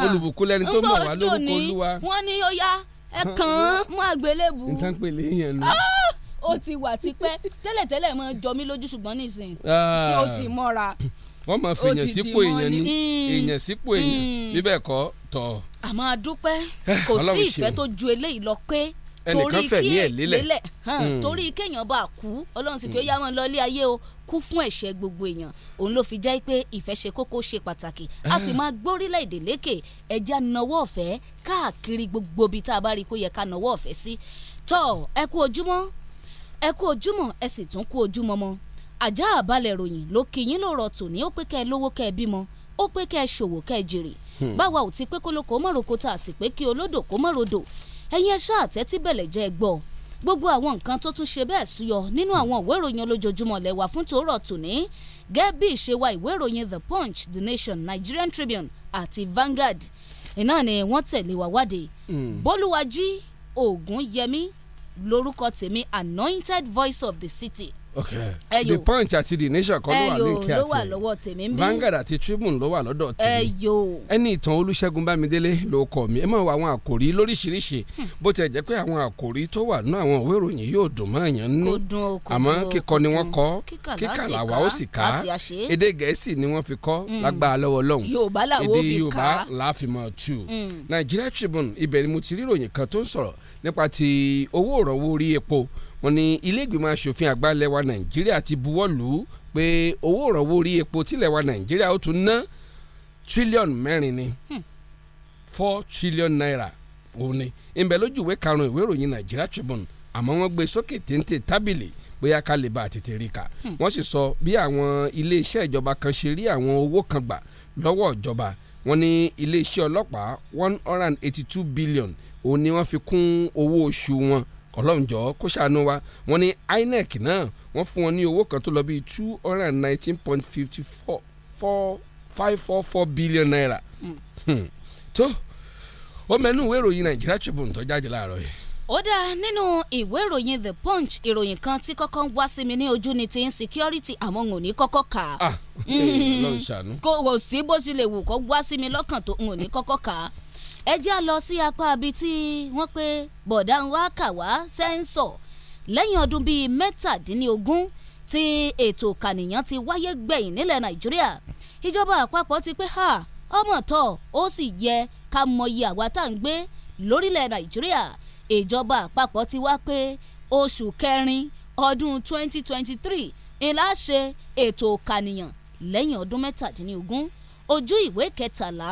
olùbùkún lẹni tó mọ̀ wá lórúkọ olúwa wọ́n ní ó yá ẹ kàn án mọ́ àgbélébù nǹkan pèlè yẹn lọ ah, ó ti wà tipẹ́ tẹ́lẹ̀tẹ́lẹ̀ mọ́ jọ mí lójú ṣùgbọ́n nísìnyí ah. ó ti mọ́ra wọ́n máa fi sípò èèyàn ni èèyàn sípò èèyàn bíbẹ̀ kọ́ tọ̀. àmọ́ a dúpẹ́ eh, kò sí ìfẹ́ tó ju eléyìí lọ pé ẹnìkan fẹ̀mí ẹ̀ lélẹ̀ hmm. torí kéèyàn bá kú ọlọ́run sì pé ó hmm. yá wọn lọ́lé ayé o kú fún ẹ̀ṣẹ̀ gbogbo èèyàn òun ló fi jẹ́ pé ìfẹ́ ṣe kókó ṣe pàtàkì a sì ah. máa gbórílẹ̀-èdè lékè ẹja nawọ́ ọ̀fẹ́ káàkiri gbogbo ibi tá a bá rí i kó yẹ ká nawọ́ ọ̀fẹ́ sí tọ́ ẹ kú ojúmọ́ ẹ kú ojúmọ́ ẹ sì tún kú ojúmọ́ mọ́ ajá àbálẹ̀ ròyìn ló kì í yín lòrọ̀ tòní ó pé kẹ́ ẹ lówó kẹ́ ẹ bímọ ó pé kẹ́ ẹ ṣòwò kẹ́ ẹ jèrè hmm. báwa ò ti pé kólókòó mọ̀ròkó tá a sì pé kí olódò kó mọ̀ròdò ẹ̀yin ẹ ṣáà tẹ́tí bẹ̀lẹ̀ jẹ́ gbọ́ gbogbo àwọn nǹkan tó tún ṣe bẹ́ẹ̀ súyọ nínú àwọn ìwé ìròyìn olójoojúmọ́ lẹ́wà fún tòórọ̀ tòní gẹ́gẹ́ bí ìṣèwà ìwé ìròyìn The Punch, The Nation, Nigerian Tribune àti Vanguard iná ni wọ́n tẹ̀lé wá wádìí hmm. Bólúwájí Ògúnyẹmí lórúkọ tèmi Anointed Voice of the City okay the punch àti the nation kan ló wà lókè àti ló Vanguard àti Tribune ló wà lọ́dọ̀ tèmi ẹni ìtàn Olúṣẹ́gun Bámidélé ló kọ mi ẹ máa wọ àwọn àkòrí lóríṣìíríṣìí hmm. bó ti ẹ̀ jẹ́ pé àwọn àkòrí tó wà nú àwọn òwe ìròyìn yóò dùn mọ́ èèyàn nínú àmọ́ kíkọ ni wọ́n kọ kíkà làwa ó sì ká èdè Gẹ̀ẹ́sì ni wọ́n fi kọ hmm. lágbára lọ́wọ́ lọ́hùn èdè Yorùbá la tù hmm. Nigeria Tribune ibẹ̀ ni mo ti rí ìròyìn kan tó ń epo wọ́n ní ilé ìgbìmọ̀ asòfin àgbà lẹwa nàìjíríà ti buwọ́ lù ú pé owó ìrànwọ́ orí epo tilẹ̀wà nàìjíríà ó tún ná tírílíọ̀nù mẹ́rin ni hmm. four trillion naira òun ni ìbẹ̀ lójú ìwé karùn-ún ìwé ìròyìn nàìjíríà Tribune àmọ́ wọ́n gbé e sókè téńté tábìlì bóyá ká lè bá a tètè rí ka hmm. wọ́n sì sọ bí àwọn iléeṣẹ́ ìjọba kan ṣe rí àwọn owó kan gbà lọ́wọ́ ìjọba wọ́n ní iléeṣẹ́ ọlọ́pàá one hundred and eighty two billion òun ni wọ́n fi kún owó oṣù wọn ọlọ́run jọ̀ọ́ kó ṣàánú wa wọ́n ní INEC náà wọ́n fún wọn ní owó kan tó lọ bíi two hundred and nineteen point fifty four four five four four billion naira hmm. Hmm. tó ó mẹ́nu ìwé ìròyìn Nigeria Tribune tó jáde láàárọ̀ yìí ó dáa nínú ìwé ìròyìn the punch ìròyìn kan tí kọ́kọ́ ń wá sí mi ní ojú ni ti insecurity among n ò ní kọ́kọ́ kà á ah, hmm. kò sí bó tilẹ̀ wù kó wá sí mi lọ́kàn tó n kọ́kọ́ kà á ẹ jẹ́ lọ sí apá ibi tí wọ́n pé bọ̀dá ń wá kà wá sẹ́ńsọ̀ lẹ́yìn ọdún bíi mẹ́tàdínlógún tí ètò kànìyàn ti wáyé gbẹ̀yìn nílẹ̀ nàìjíríà ìjọba àpapọ̀ ti pé ha ọmọ tọ ó sì yẹ ká mọyì àwa tá à ń gbé lórílẹ̀ nàìjíríà ìjọba àpapọ̀ ti wá pé oṣù kẹrin ọdún 2023 ńlá ṣe ètò kànìyàn lẹ́yìn ọdún mẹ́tàdínlógún ojú ìwé kẹtàlá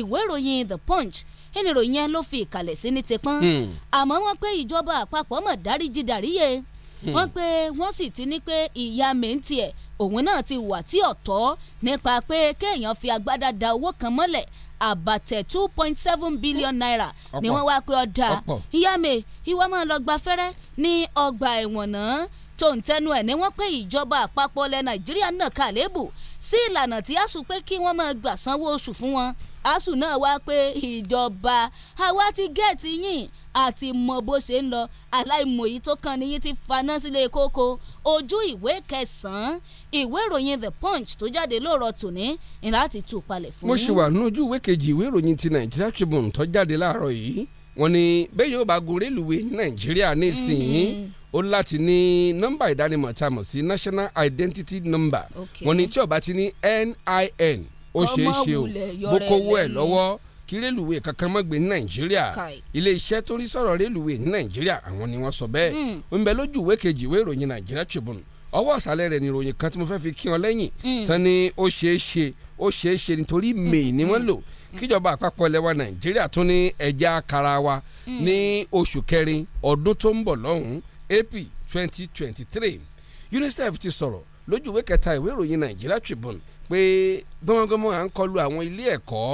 ìwé ìròyìn The Punch ìnìròyìn yẹn ló fi ìkàlẹ̀ sí ní tipọ́n hmm. àmọ́ wọ́n pé ìjọba àpapọ̀ mọ̀ dáríjì dáríye hmm. wọ́n pé wọ́n sì ti ní pé ìyá mẹ́ntì ẹ̀ òun náà ti wà tí ọ̀tọ̀ nípa pé kéèyàn fi agbádá da owó kan mọ́lẹ̀ àbàtẹ̀ two point seven billion naira ni wọ́n wá pé ọ̀dà ìyáàmè ìwọ́n máa lọ gba fẹ́rẹ́ ní ọgbà ẹ̀wọ̀n náà tó ń tẹnu ẹ̀ ni wọ́n pé ìjọba àpapọ̀ ilẹ̀ nàìjíríà náà kà lébù sí ìlànà tí a sùn pé kí wọ́n máa gbà sanwó oṣù fún wọn asuu náà wá pé ìjọba àwa ti gẹ̀ẹ́tì yìn àti mọ bó ṣe ń lọ aláìmọ̀yí tó kàn níyìn ti faná sílé kókó ojú ìwé kẹsàn ìwé ìròyìn the punch tó jáde lóòrọ̀ tòní ni láti tú palẹ̀ fún yín. mo ṣe wà ní ojú ìwé kejì ìwé ìròyìn ti Nigeria Tribune tó jáde láàárọ̀ yìí wọ́n ní bẹ́ẹ̀ yóò bá gun rélùwé ní nàìjíríà nísìnyí hmm. ó láti ní nọ́mbà ìdánimọ̀ tá a mọ̀ sí national identity number wọ́n ní tí ó bá ti ní NIN ó ṣeé ṣe o bó kówó ẹ̀ lọ́wọ́ kí rélùwé kankan mọ́ gbé ní nàìjíríà iléeṣẹ́ tó rí sọ̀rọ̀ rélùwé ní nàìjíríà àwọn ni wọ́n sọ bẹ́ẹ̀ hmm. ń bẹ lójú ìwé kejì ìwé ìròyìn nàìjíríà Tribune ọwọ́ ọ̀sálẹ̀ rẹ̀ ni ìròyìn kan tí mo fẹ́ fi kí wọn lẹ́yìn hmm. tán ni ó ṣeé ṣe ó ṣeé ṣe nítorí hmm. may ni wọ́n lò kíjọba àpapọ̀ ilẹ̀ wa nàìjíríà tún ní ẹja kara wa ní oṣù kẹrin ọdún tó ń bọ̀ lọ́hùn april twenty twenty three unicef ti sọ̀rọ̀ lójú ìwé kẹta ìwé ìròyìn nàìjíríà Tribune pé gbọ́mọgbọ́mọ à ń kọlu àwọn ilé ẹ̀kọ́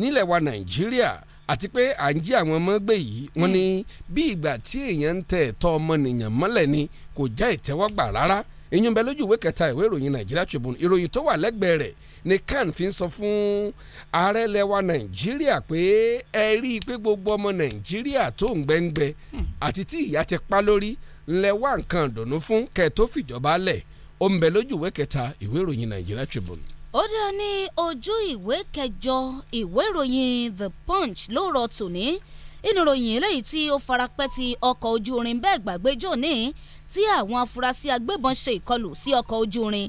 nílẹ̀ wa nàìjíríà àti pé à ń jí àwọn ọmọ gbé yìí wọ́n ní bí ìgbà tí èèyàn ń tẹ ẹ̀tọ́ ọmọnìyàn mọ́lẹ̀ ni kò já ìtẹ́wọ́gbà rárá èyàn bẹ lójú ìwé kẹta ìwé ìròyìn nàìjíríà Tribune ìròyìn tó wà lẹ́gbẹ̀ẹ́ rẹ̀ ni kan fi ń sọ fún ààrẹ lẹwa nàìjíríà pé ẹ rí i pé gbogbo ọmọ nàìjíríà tó ń gbẹ́ngbẹ́ hmm. àti tí ìyà ti pa lórí ńlẹ̀ nǹkan dùnú fún kẹ́ẹ̀ tó fìjọba lẹ̀ ó ń bẹ lójú ìwé kẹta ìwé ìròyìn Nigeria Tribune. ó dá ní ojú ìwé kẹjọ ìwé ìròyìn The Punch ló rọ tòní inú ìròyìn eléyìí tí ó farapẹ́ ti ọkọ̀ ojú irin bẹ́ẹ̀ gbàgbé jò ní tí àwọn afurasí agbébọn ṣe ìkọlù sí ọkọ̀ ojú irin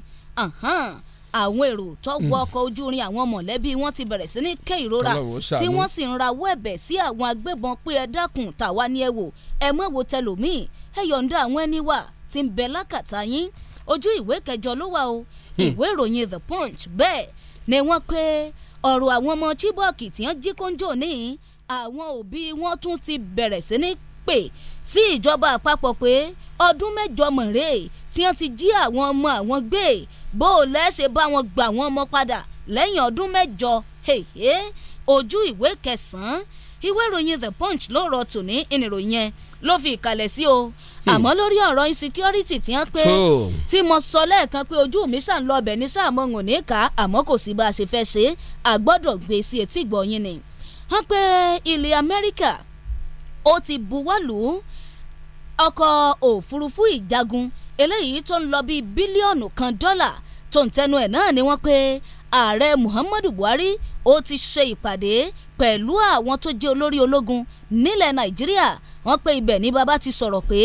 àwọn èrò tó wọ hmm. ọkọ̀ ojú irin àwọn mọ̀lẹ́bí wọn ti bẹ̀rẹ̀ sí ní ké ìrora tí wọ́n sì ń rawọ́ ẹ̀bẹ̀ sí àwọn agbébọn pé ẹ dákun tàwa ni ẹ wò ẹ mọ̀ wo tẹlòmíì ẹ yọ̀ǹda àwọn ẹni wà tí ń bẹ lákàtà yín ojú ìwé kẹjọ ló wà o hmm. ìwé ìròyìn the punch bẹ́ẹ̀ ni wọ́n pé ọ̀rọ̀ àwọn ọmọ Chibok tí wọ́n jí kóńjò ní àwọn òbí wọn tún ti bẹ̀rẹ̀ sí ní pè sí ìjọba àpapọ̀ pé ọdún mẹ́jọ mọ̀rẹ́ tí wọ́n ti jí àwọn ọmọ àwọn gbé bó o lẹ́sẹ̀ bá wọn gbà wọ́n ọmọ padà lẹ́yìn ọdún mẹ́jọ ojú ìwé kẹsàn-án ìwé ìròyìn the punch ló rọ tòní ìnìròyìn yẹn ló fi ìkàlẹ̀ sí o. Hmm. àmọ́ lórí ọ̀rọ̀ insecurity tí wọ́n pé tí mo sọ lẹ́ẹ̀kan pé ojú mi ṣàn lọ ọbẹ̀ ní sàmọ́ òun ní ká àmọ́ kò sí bá a ṣe fẹ́ ṣe a gbọ́dọ̀ gbé sí etí ìgbọ̀nyìn ni wọ́n pé ilẹ̀ Amẹ́ríkà ó ti buwọ́lù ọkọ̀ òfurufú ìjagun eléyìí tó ń lọ bíi bílíọ̀nù kan dọ́là tó ń tẹnu ẹ̀ náà ni wọ́n pé ààrẹ Muhammadu Buhari ó ti ṣe ìpàdé pẹ̀lú àwọn tó jẹ́ olórí ológun nílẹ̀ Nàìjíríà wọ́n pé ibẹ̀ ni bàbá ti sọ̀rọ̀ pé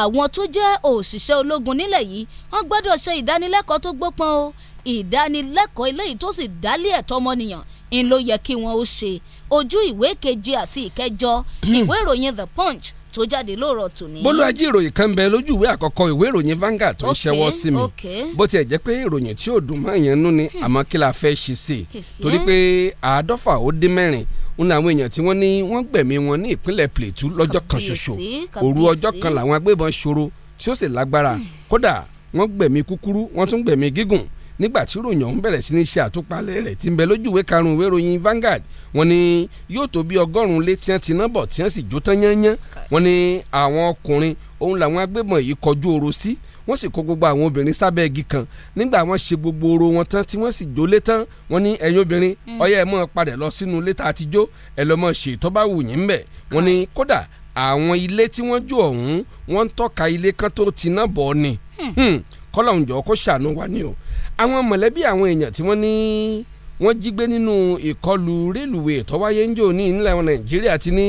àwọn tó jẹ́ òṣìṣẹ́ ológun nílẹ̀ yìí wọ́n gbọ́dọ̀ ṣe ìdánilẹ́kọ̀ọ́ tó gbópọn o ìdánilẹ́kọ̀ọ́ eléyìí tó sì dálé ẹ̀tọ́ ọmọnìyàn ń ló yẹ kí wọ́n ó ṣe ojú ìwé keje àti ìkẹjọ hmm. ìwé ìròyìn the punch tó jáde lóòrọ̀ tòní. bólú ajé ìròyìn kan bẹ lójú ìwé àkọ́kọ́ ìwé ìròyìn Vanguard tó ń ṣẹwọ́ sí mi bó tiẹ̀ jẹ́ pé ìròyìn tí ò dùn mọ́ yẹn nú ni hmm. àmọ́ kí la fẹ́ ṣe sí i torí pé àádọ́fà ó dín mẹ́rin ń la àwọn èèyàn tí wọ́n ní wọ́n gbẹ̀mí wọn ní ìpínlẹ̀ Plateau lọ́jọ́ kan ṣoṣo òru ọjọ́ kan làwọn agbébọn ṣòro tí ó sì lágbára kódà wọ́n gbẹ̀mí kúkúrú wọ́n tún gbẹ̀mí gígùn nígbà tí ròyìn ọ̀hún bẹ̀rẹ̀ sí ní ṣe àtúpalẹ̀ rẹ̀ tí ń bẹ lójú ìwé karùn-ún ìwé ìròyìn Vanguard wọ́n ní yóò tó bí ọgọ́rùn-ún lé tiẹ́ ti nábọ̀ tiẹ́ sì jó tán yányán wọ́n ní àwọn ọkùnrin òun làwọn agbébọn yìí kọjú oró sí si, wọ́n sì kó gbogbo àwọn obìnrin sábẹ́ igi kan nígbà wọ́n ṣe gbogbo oró wọn tán tí wọ́n sì jólé tán wọ́n ní ẹ̀yin obìnrin mm. ọyẹ́ ẹ̀ mọ́ padà lọ sínú ilé tá a ti jó ẹ̀ lọ́mọ ṣe tó bá wù yín ńbẹ̀ wọ́n ní kódà àwọn ilé tí wọ́n jó ọ̀hún wọ́n ń tọ́ka ilé kan tó ti ná bọ̀ ni hmm. hmm. kọ́lọ̀ jọ kó ṣàánú wa ni o àwọn mọ̀lẹ́bí àwọn èèyàn tí wọ́n ní wọ́n jí gbé nínú ìkọlù rélùwé tó wáyé ńjò ní ilẹ̀ nàìjíríà ti ní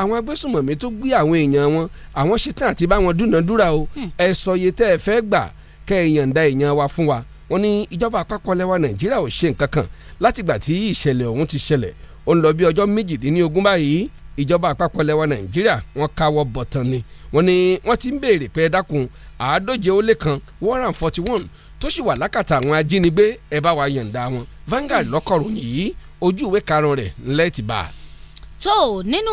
àwọn agbésùmọ̀mí tó gbé àwọn èèyàn wọn àwọn ṣetán àti báwọn dúnàdúrà o hmm. ẹ sọ iye tẹ́ ẹ fẹ́ gbà kẹ́ ẹ yàǹda èèyàn wa fún wa wọ́n ní ìjọba àpapọ̀ lẹwa nàìjíríà ò ṣe nǹkan kan látìgbà tí ìṣẹ̀lẹ̀ ọ̀hún ti ṣẹlẹ̀ ó ń lọ bí ọjọ́ méjìdínlógún báyìí ìjọba àpapọ̀ lẹwa nàìjíríà wọ́n káwọ́ bọ̀tán ni wọ́n ní wọ́n ti ń béèrè pé ẹ dákun àádóje ó lé kan one hundred and forty one tó sì wà lákàtà àwọn ajínigbé ẹ bá wa yọ̀ǹda wọn Vanguard lọ́kọ̀ròyìn yìí ojú ìwé karùn-ún rẹ̀ lẹ́ẹ̀tìbà tó nínú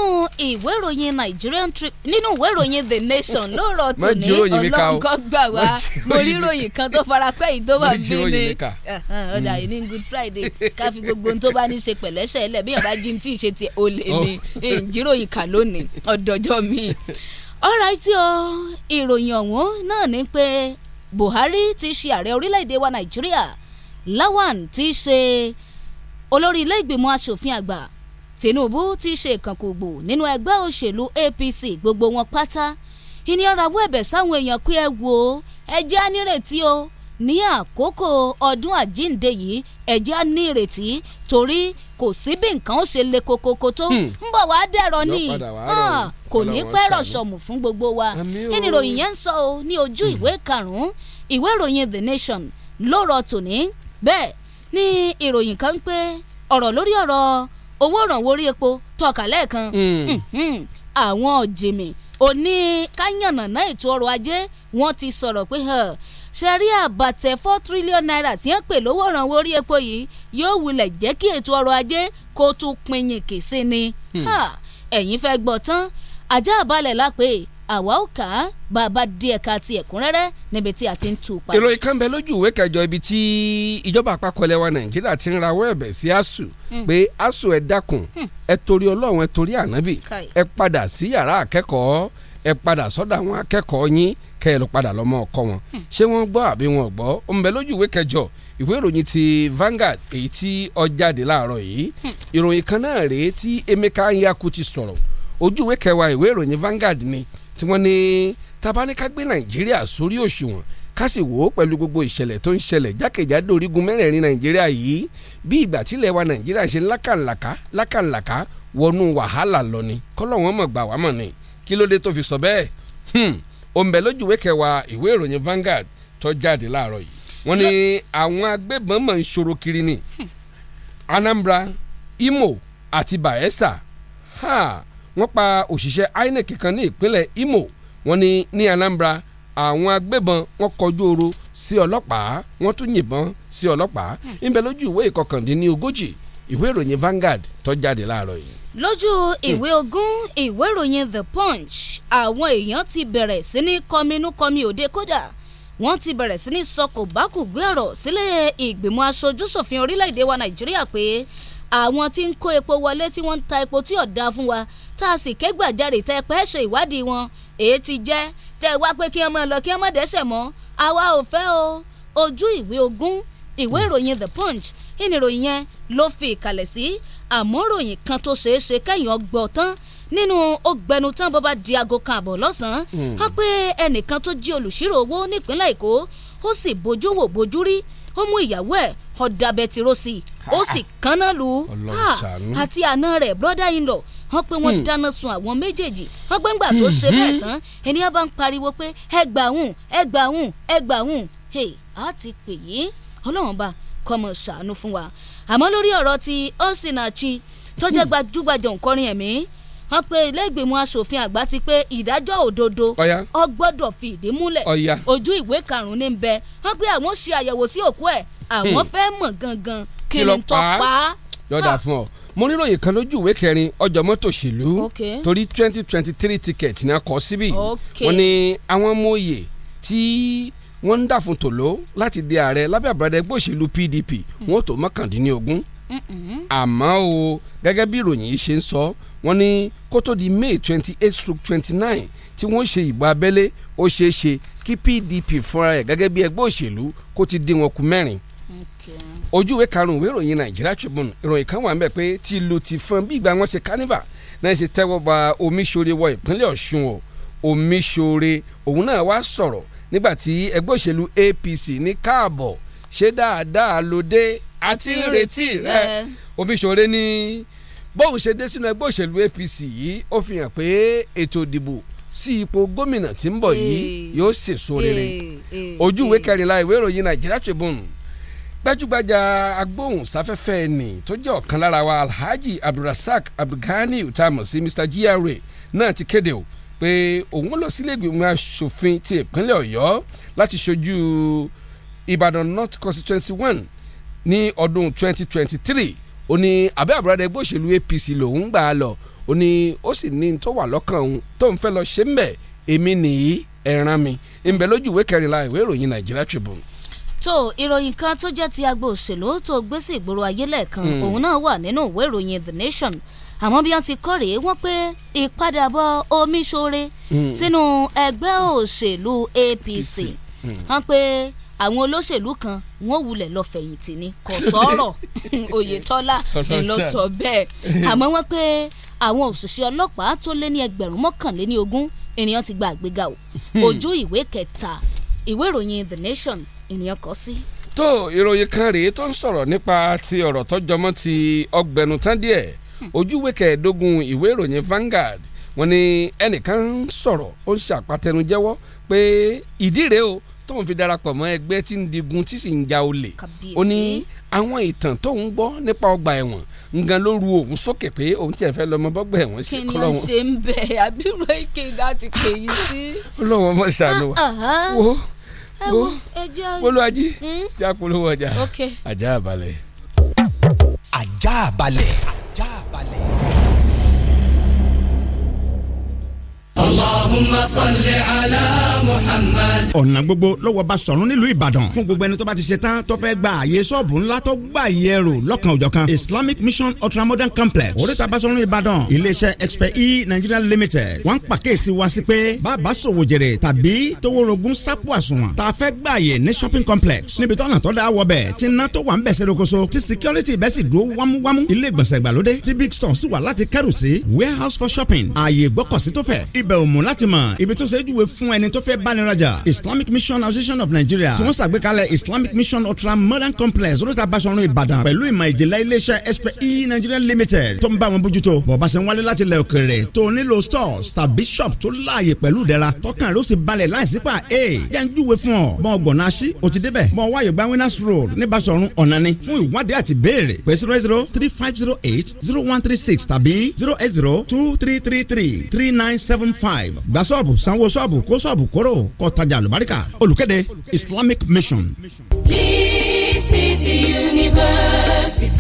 ìwé ìròyìn Nigerian trip nínú ìwé ìròyìn The Nation ló rọ tòní ọlọ́nkọ́ gbà wá mo rí ìròyìn kan tó farapẹ́ ìdówà bí ni ọ̀dà yìí ní Good Friday ká fi gbogbo ohun tó bá ní ṣe pẹ̀lẹ́sẹ̀ ẹlẹ́ bí yàrá jí tí ì ṣe ti olè oh. ni ìjíròyìn kà lónìí ọ̀dọ̀jọ́ mi. ọ̀rá tí ọ ìròyìn ọ̀hún náà ni pé Buhari ti ṣe ààrẹ orílẹ̀-èdè wa Nàìjíríà Lawan ti ṣe olórí ilé ìgbìmọ̀ asòfin àgbà Tinubu ti ṣe ìkànkùgbò nínú ẹgbẹ́ òṣèlú APC gbogbo wọn pátá ìní ọ̀rọ̀ àwọ̀ ẹ̀bẹ̀ sáwọn èèyàn pé ẹ wò ẹ jẹ́ á nírètí o ní àkókò ọdún àjíǹde yìí ẹ̀jẹ̀ á ní ìrètí torí kò sí bí nǹkan ó ṣe le kokoko tó hmm. ń bọ̀ wá dẹ̀rọ ni ah, kò ní pẹ́ rọ̀ṣọ̀mù fún gbogbo wa kí ni ìròyìn yẹn ń sọ o ní ojú hmm. ìwé karùn-ún ìwé ìròyìn The Nation ló rọ tòní bẹ́ẹ̀ ni ìròyìn kan pé ọ̀rọ̀ lórí ọ̀rọ̀ owó ìrànwọ́ orí epo tọ́ka lẹ́ẹ̀kan hmm. àwọn jìmì òní káyànnàná ètò ọrọ̀ ajé wọ́n ti sọ̀rọ̀ pé ṣe rí àbàtẹ four trillion naira tí ń pè lówó ìrànwọ́ orí epo yìí yóò wulẹ̀ jẹ́ kí ètò ọrọ̀ ajé kó tún pinyìnkì sí ni hmm. ẹ̀yin fẹ́ gbọ́ tán ajá àbálẹ̀ lápè àwa ò kà á bá a bá díẹ̀ ká ti ẹ̀kúnrẹ́rẹ́ níbi tí a ti ń tu pa. ìròyìn kan bẹ lójú ìwé kẹjọ ibi tí ìjọba àpapọ̀ ilẹ̀ wa nàìjíríà ti ń rawọ́ ẹ̀bẹ̀ sí asuu hmm. pé asuu ẹ dákun hmm. ẹ torí ọlọ́run ẹ torí ànábì ẹ padà sí yàrá akẹ́kọ̀ọ́ ẹ padà sọ́dọ̀ àwọn akẹ́kọ̀ọ́ yín kẹ́ ẹ lọ padà lọ́mọ ọkọ wọn hmm. ṣé wọ́n gbọ́ àbí wọn gbọ́ ọmọbẹ lójú ìwé kẹjọ ìwé ìròyìn ti Vanguard èyí tí ó jáde láàárọ̀ yìí hmm. ìròyìn kan náà rèé tí Emeka Nyaku ti sọ̀rọ̀ ojú ìwé kẹwàá ìwé ìròyìn Vanguard ni tí wọ́n ní tabaníká gbé Nàìjíríà sórí òṣùwọ̀n ká sì wò ó pẹ̀lú gbogbo ìṣẹ̀lẹ̀ tó ń ṣẹlẹ̀ jákèjádò orígun mẹ́rẹ̀ẹ̀rin Nàìjíríà yìí bí ìgbà tílẹ̀ wa Nàìjíríà ṣe lákàlàkà lákàlàkà wọnú wàhálà lọ ni kọ́lọ́ wọn mọ̀ gbà wá mọ̀ ni kí ló dé tó fi sọ bẹ́ẹ̀ hmm, ó ń bẹ kẹwàá ìwé ìròyìn Vanguard tó jáde láàárọ̀ yìí wọ́n ní àwọn agbébọn mọ̀ ń ṣòro kiri ni hmm. Anambra Imo àti Bayelsa wọ́n pa òṣìṣẹ́ INEC kan ní ìpínlẹ̀ Imo wọ́n ní ní Anambra àwọn agbébọn wọ́n kọjú oro sí ọlọ́pàá wọ́n tún yìnbọn sí ọlọ́pàá hmm. ń bẹ lójú ìwé ìkọkàndínlógójì ìwé ìròyìn Vanguard tó jáde láàárọ̀ yìí lójú ìwé ogún ìwé ìròyìn the punch àwọn èèyàn ti bẹ̀rẹ̀ sí ní kọminú kọmi òde kódà wọ́n ti bẹ̀rẹ̀ sí ní sọ kò bá kù gbé ọ̀rọ̀ sílé ìgbìmọ̀ aṣojúṣòfin orílẹ̀-èdè wa nàìjíríà pé àwọn tí ń kó epo wọlé tí wọ́n ń ta epo tí ọ̀dà fún wa tá a sì ké gbàjarè tẹ́ pẹ́ ṣe ìwádìí wọn èyí ti jẹ́ tẹ́ wá pé kí wọ́n máa lọ kí wọ́n má dẹ́sẹ̀ mọ́ àwa ò fẹ́ o ojú ìwé ogún ìwé hmm. ìròyìn the punch ìnìròyìn yẹn ló fi ìkàlẹ̀ sí àmọ́ ròyìn kan tó ṣeé ṣe kẹ́yìn ọgbọ́ tán nínú ọgbẹnu tán bó bá di aago kan àbọ̀ lọ́sàn-án hmm. wọ́n pé ẹnìkan tó jí olùṣírò owó nípínlẹ̀ èkó ó sì bójú wò bójú rí ó mú ìyàwó ẹ̀ ọ̀dà bẹ̀tìrò ó sì kánná lu àti àna rẹ̀ brother in law wọ́n pé wọ́n hmm. dáná sun àwọn méjèèjì wọ́n pé ńgbà tó hmm. ṣe bẹ́ẹ̀ tán ènìyàn bá ń pariwo pé ẹ gbà hùn ẹ gbà hùn ẹ gbà hùn a ti pè yí ọlọ́run bá kọ́mọ ṣàánú fún wa àmọ́ lórí ọ̀rọ̀ ti Osinachi tó jẹ́ hmm. gbajúgbajà òǹkọrin ẹ̀mí wọ́n pe ilé ìgbìmọ̀ asòfin àgbà ti pé ìdájọ́ òdodo ó fi ìdí múlẹ̀ ojú ìwé karùn-ún ní bẹ wọ́n pe àwọn ṣe àyẹ̀wò sí òkú ẹ̀ àwọn hmm. fẹ́ mọ̀ gangan kí ló tọ́ pa á. yọ̀dà fún ọ mo níròyìn kan lójú ìwé kẹrin ọjọ́ mọ́tò ṣèlú torí twenty twenty three ticket ní a kọ síbí wọ́n ní àwọn mòye tí wọ́n ń dàfún tòló láti di ààrẹ lábẹ́ àbúradà ẹgbẹ́ òṣèlú PDP wọ́n tó mọ́kàndínlógún àmọ́ o gẹ́gẹ́ bí ìròyìn yìí ṣe ń sọ wọ́n ní kó tó di May twenty eight stroke twenty nine tí wọ́n ṣe ìbò abẹ́lé ó ṣeé ṣe kí PDP fúnra rẹ̀ gẹ́gẹ́ bí ẹgbẹ́ òṣèlú kó ti dín wọn kù mẹ́rin ojú ìwé karùnún ìwé ìròyìn Nigeria Tribune ìròyìn kan wà mẹ́ pé tìlù tìfọn bí ìgbà wọn ṣe carnival náà ṣe tẹ́wọ́ ba Omiṣore wọ ìpínlẹ̀ Ọ̀ṣun o Omiṣore òun náà wá sọ̀rọ̀ nígbà tí ẹgbẹ́ òṣèlú APC ní káàbọ̀ ṣe dáadáa lóde àti ìrètí rẹ òfìṣòre ni, bóun ṣe dé sínú ẹgbẹ́ òṣèlú APC yìí ó fi hàn pé ètò ìdìbò sí ipò gómìnà tí ń bọ̀ yìí yóò sèso rere ojú ìwé kẹrìnlá ìwé ìròyìn Nàìjíríà Tribune gbajúgbajà agbóhùnsáfẹ́fẹ́ ẹni tó jẹ́ ọ̀kan lára wa Alhaji Abdulrasaq Abdulganiyu tá mọ̀ sí Mr. GRA náà ti kéde o pé òun lọ sílé ìgbìmọ̀ asòfin ti ìpínlẹ̀ ọ̀yọ́ láti ṣojú ìbàdàn north constituency one ní ọdún twenty twenty three ó ní abẹ́ àbúradà ẹgbẹ́ òṣèlú apc lòun gbà á lọ ó ní ó sì ní tó wà lọ́kàn òun tó ń fẹ́ lọ ṣe ń bẹ̀ èmi nìyí ẹ̀ràn mi ń lójú ìwé kẹrìnlá ìwé ìròyìn nàìjíríà tribune tó ìròyìn kan tó jẹ́ ti agbo òṣèlú tó gbé sí ìgboro ayé lẹ́ẹ̀kan hmm. òun náà wà nínú ìwé ìròyìn the nation àmọ́ bí wọ́n ti kọ́ rèé wọ́n pé ìpadàbọ̀ Omiṣore hmm. sínú ẹgbẹ́ òṣèlú APC hmm. wọ́n pé àwọn olóṣèlú kan wọ́n wulẹ̀ lọ fẹ̀yìntì ni kò sọ̀rọ̀ Oyètọ́lá ni lọ sọ bẹ́ẹ̀ àmọ́ wọ́n pé àwọn òṣìṣẹ́ ọlọ́pàá tó lé ní ẹgbẹ̀rún mọ́kànléní ogún ènìyàn ti gba àgbéga o hmm. ojú ìwé kẹta ìwé ìròyìn The Nation ènìyàn kọ sí. tó ìròyìn kan rèé tó ń sọ̀rọ̀ nípa ti ọ̀rọ̀ tó jọmọ́ ti ọgbẹ̀nù tán díẹ̀ ojúwe kẹẹ̀ẹ́dógún ìwé ìròyìn Vanguard wọ́n ní ẹnìkan ń sọ̀rọ̀ ó ń ṣàpàtẹnujẹ́wọ́ pé ìdí rèé o tóun fi darapọ̀ mọ́ ẹgbẹ́ tí ń digun tí sì ń ja olè ó ní àwọn ìtàn tóun gbọ́ nípa ọgbà ẹ̀wọ̀n ngan ló ru òun sókè pé òun tiẹ̀ fẹ́ lọ́mọ bọ́gbà ẹ̀wọ̀n sí kọ́lọ́ wọn. kí ni ṣe ń bẹ àbírò èké láti pè yí sí. olóòwò ọmọ ṣàánú wa ah, ah, ah. wo wo olùwàjì jápolówó hmm? ọjà ajá balẹ̀. ajá balẹ̀ ajá balẹ̀. Allahumma salli ala Muhammad. ọ̀nà gbogbo lọ́wọ́ bá sọ̀rọ̀ nílùú Ìbàdàn fún gbogbo ẹni tó bá ti ṣe tán tó fẹ́ gba àyè sọ́ọ̀bù ńlá tó gbà yẹ rò lọ́kàn òjọ̀ kan Islamic Mission Ultramodern Complex oríta basọ̀rọ̀ Ìbàdàn iléeṣẹ́ Expert E Nigeria Limited wọ́n ń pàkíyèsí wa sí pé bàbá sòwò jèrè tàbí toworogun sápò àsùnwọ̀n tá a fẹ́ gbà yè ní shopping complex níbi tọ́nà tọ́da wọ bẹ̀ tí iná tó wà ń bẹ̀sẹ̀ rokoṣo tí security bẹ́ẹ̀ sì dúró wámúwámú ilé ìgbọ̀nsẹ̀ rẹ̀ ò mú láti mọ̀ ibi tó ṣe é júwe fún ẹni tó fẹ́ báni rajà Islamic Mission Association of Nigeria tí wọ́n ṣàgbékalẹ̀ Islamic Mission Ultra Modern Complex olóòtú abáṣọrun Ìbàdàn pẹ̀lú ìmọ̀ ìjìnlẹ̀ iléeṣẹ́ expe Nigeria Limited tó ń bá wọn bójútó bọ̀bá ṣe ń wálé láti ilẹ̀ òkèrè tó nílò stores tàbí shop tó láàyè pẹ̀lú ìdẹ̀ra tọkàn rẹ̀ ó sì balẹ̀ láìsí pa e jẹ́ ń júwe fún ọ mọ ọgbọ̀n náà sí o ti débẹ̀ mọ wáyé gba winners road ní Báṣọ̀run zero zero three five zero eight zero one three six tàbí zero eight zero two three three three three nine seven five gba sọ́ọ̀bù sanwó sọ́ọ̀bù kó sọ́ọ̀bù kóró kó tajà àlùbáríkà olùkéde Islamic Mission. Lee City University.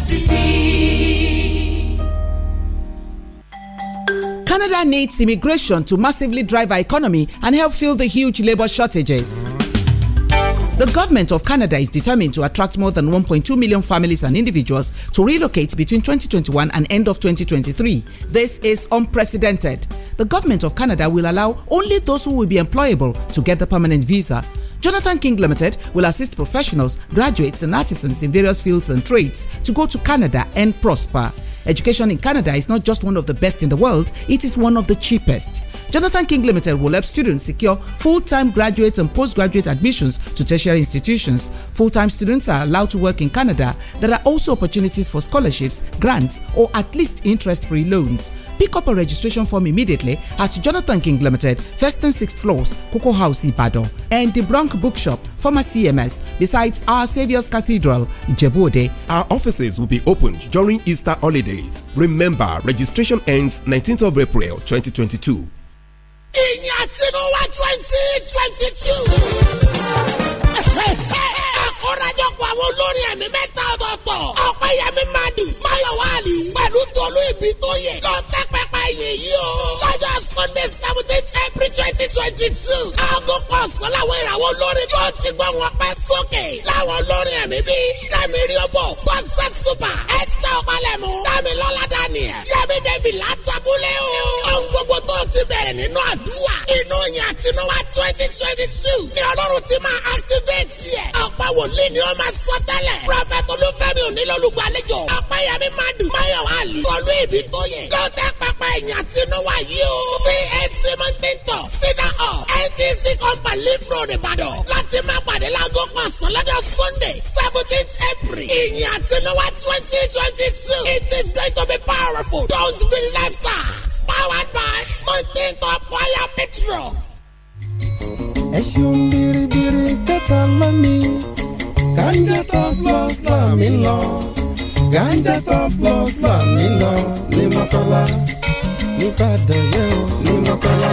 University. Canada needs immigration to massively drive our economy and help fill the huge labor shortages. The government of Canada is determined to attract more than 1.2 million families and individuals to relocate between 2021 and end of 2023. This is unprecedented. The government of Canada will allow only those who will be employable to get the permanent visa. Jonathan King Limited will assist professionals, graduates, and artisans in various fields and trades to go to Canada and prosper. Education in Canada is not just one of the best in the world, it is one of the cheapest. Jonathan King Limited will help students secure full time graduate and postgraduate admissions to tertiary institutions. Full time students are allowed to work in Canada. There are also opportunities for scholarships, grants, or at least interest free loans. Pick up a registration form immediately at Jonathan King Limited, first and sixth floors, Coco House, Ibadan, and the Bronx Bookshop former CMS, besides Our Saviour's Cathedral, Jebode, Our offices will be opened during Easter holiday. Remember, registration ends 19th of April 2022. ìyìn àtinúwá twenty twenty two. àkórajọpọ̀ àwọn olórin ẹ̀mí mẹ́ta ọ̀tọ̀ọ̀tọ̀ ọ̀pẹ̀yẹmí madu máyọ̀wá àlì pẹ̀lú tolú ìbí tó yẹ lọ́tẹ́pẹ́pẹ́ yìí yìí o. Sunday seventeen April twenty twenty two. Aago kan sọ làwọn ìràwọ̀ olórin yóò ti gbọ́ wọn pẹ́ sókè. Láwọn olórin ẹ̀mí bíi Kẹ́mi Ríọ́bọ̀, Fọ́sẹ̀ Súpà, Ẹ̀sì. o palẹ̀ mú. Dámilọ́lá Daniel. Yẹ́mi David látàbúlé o. Ohun gbogbo tó ti bẹ̀rẹ̀ nínú àdúrà. Inú yẹn àtinúwá twenty twenty two. Ní ọlọ́run ti máa activate yẹ. Ọ̀pá wòlíì ni ó máa sọ tẹ́lẹ̀. Prọfẹ̀t Olúfẹ́mi onílọ́lùgbàlejò. Ọ̀pá Yẹmi Madu. Máyọ̀ Wálì. Olú ìbí tó yẹ. Yóò tẹ́ pápá ẹ̀yìn àtinúwá yìí o. CSC Mọ́tẹ́ntọ̀. Sina Hall. NTC Company Leaf Road Láti máa pàdé láago kan Sunday seventeen April. Ìyìn àtinúwá twenty twenty teach It is going to be powerful. Don't be left out. Powered by Mountain Top Fire Petros. Ẹ ṣeun biribiri kẹta lónìí, ganja top loss là mí lọ, ganja top loss là mí lọ, ni mọ́kànlá, ní Ìbàdàn yẹn ò mọ́kànlá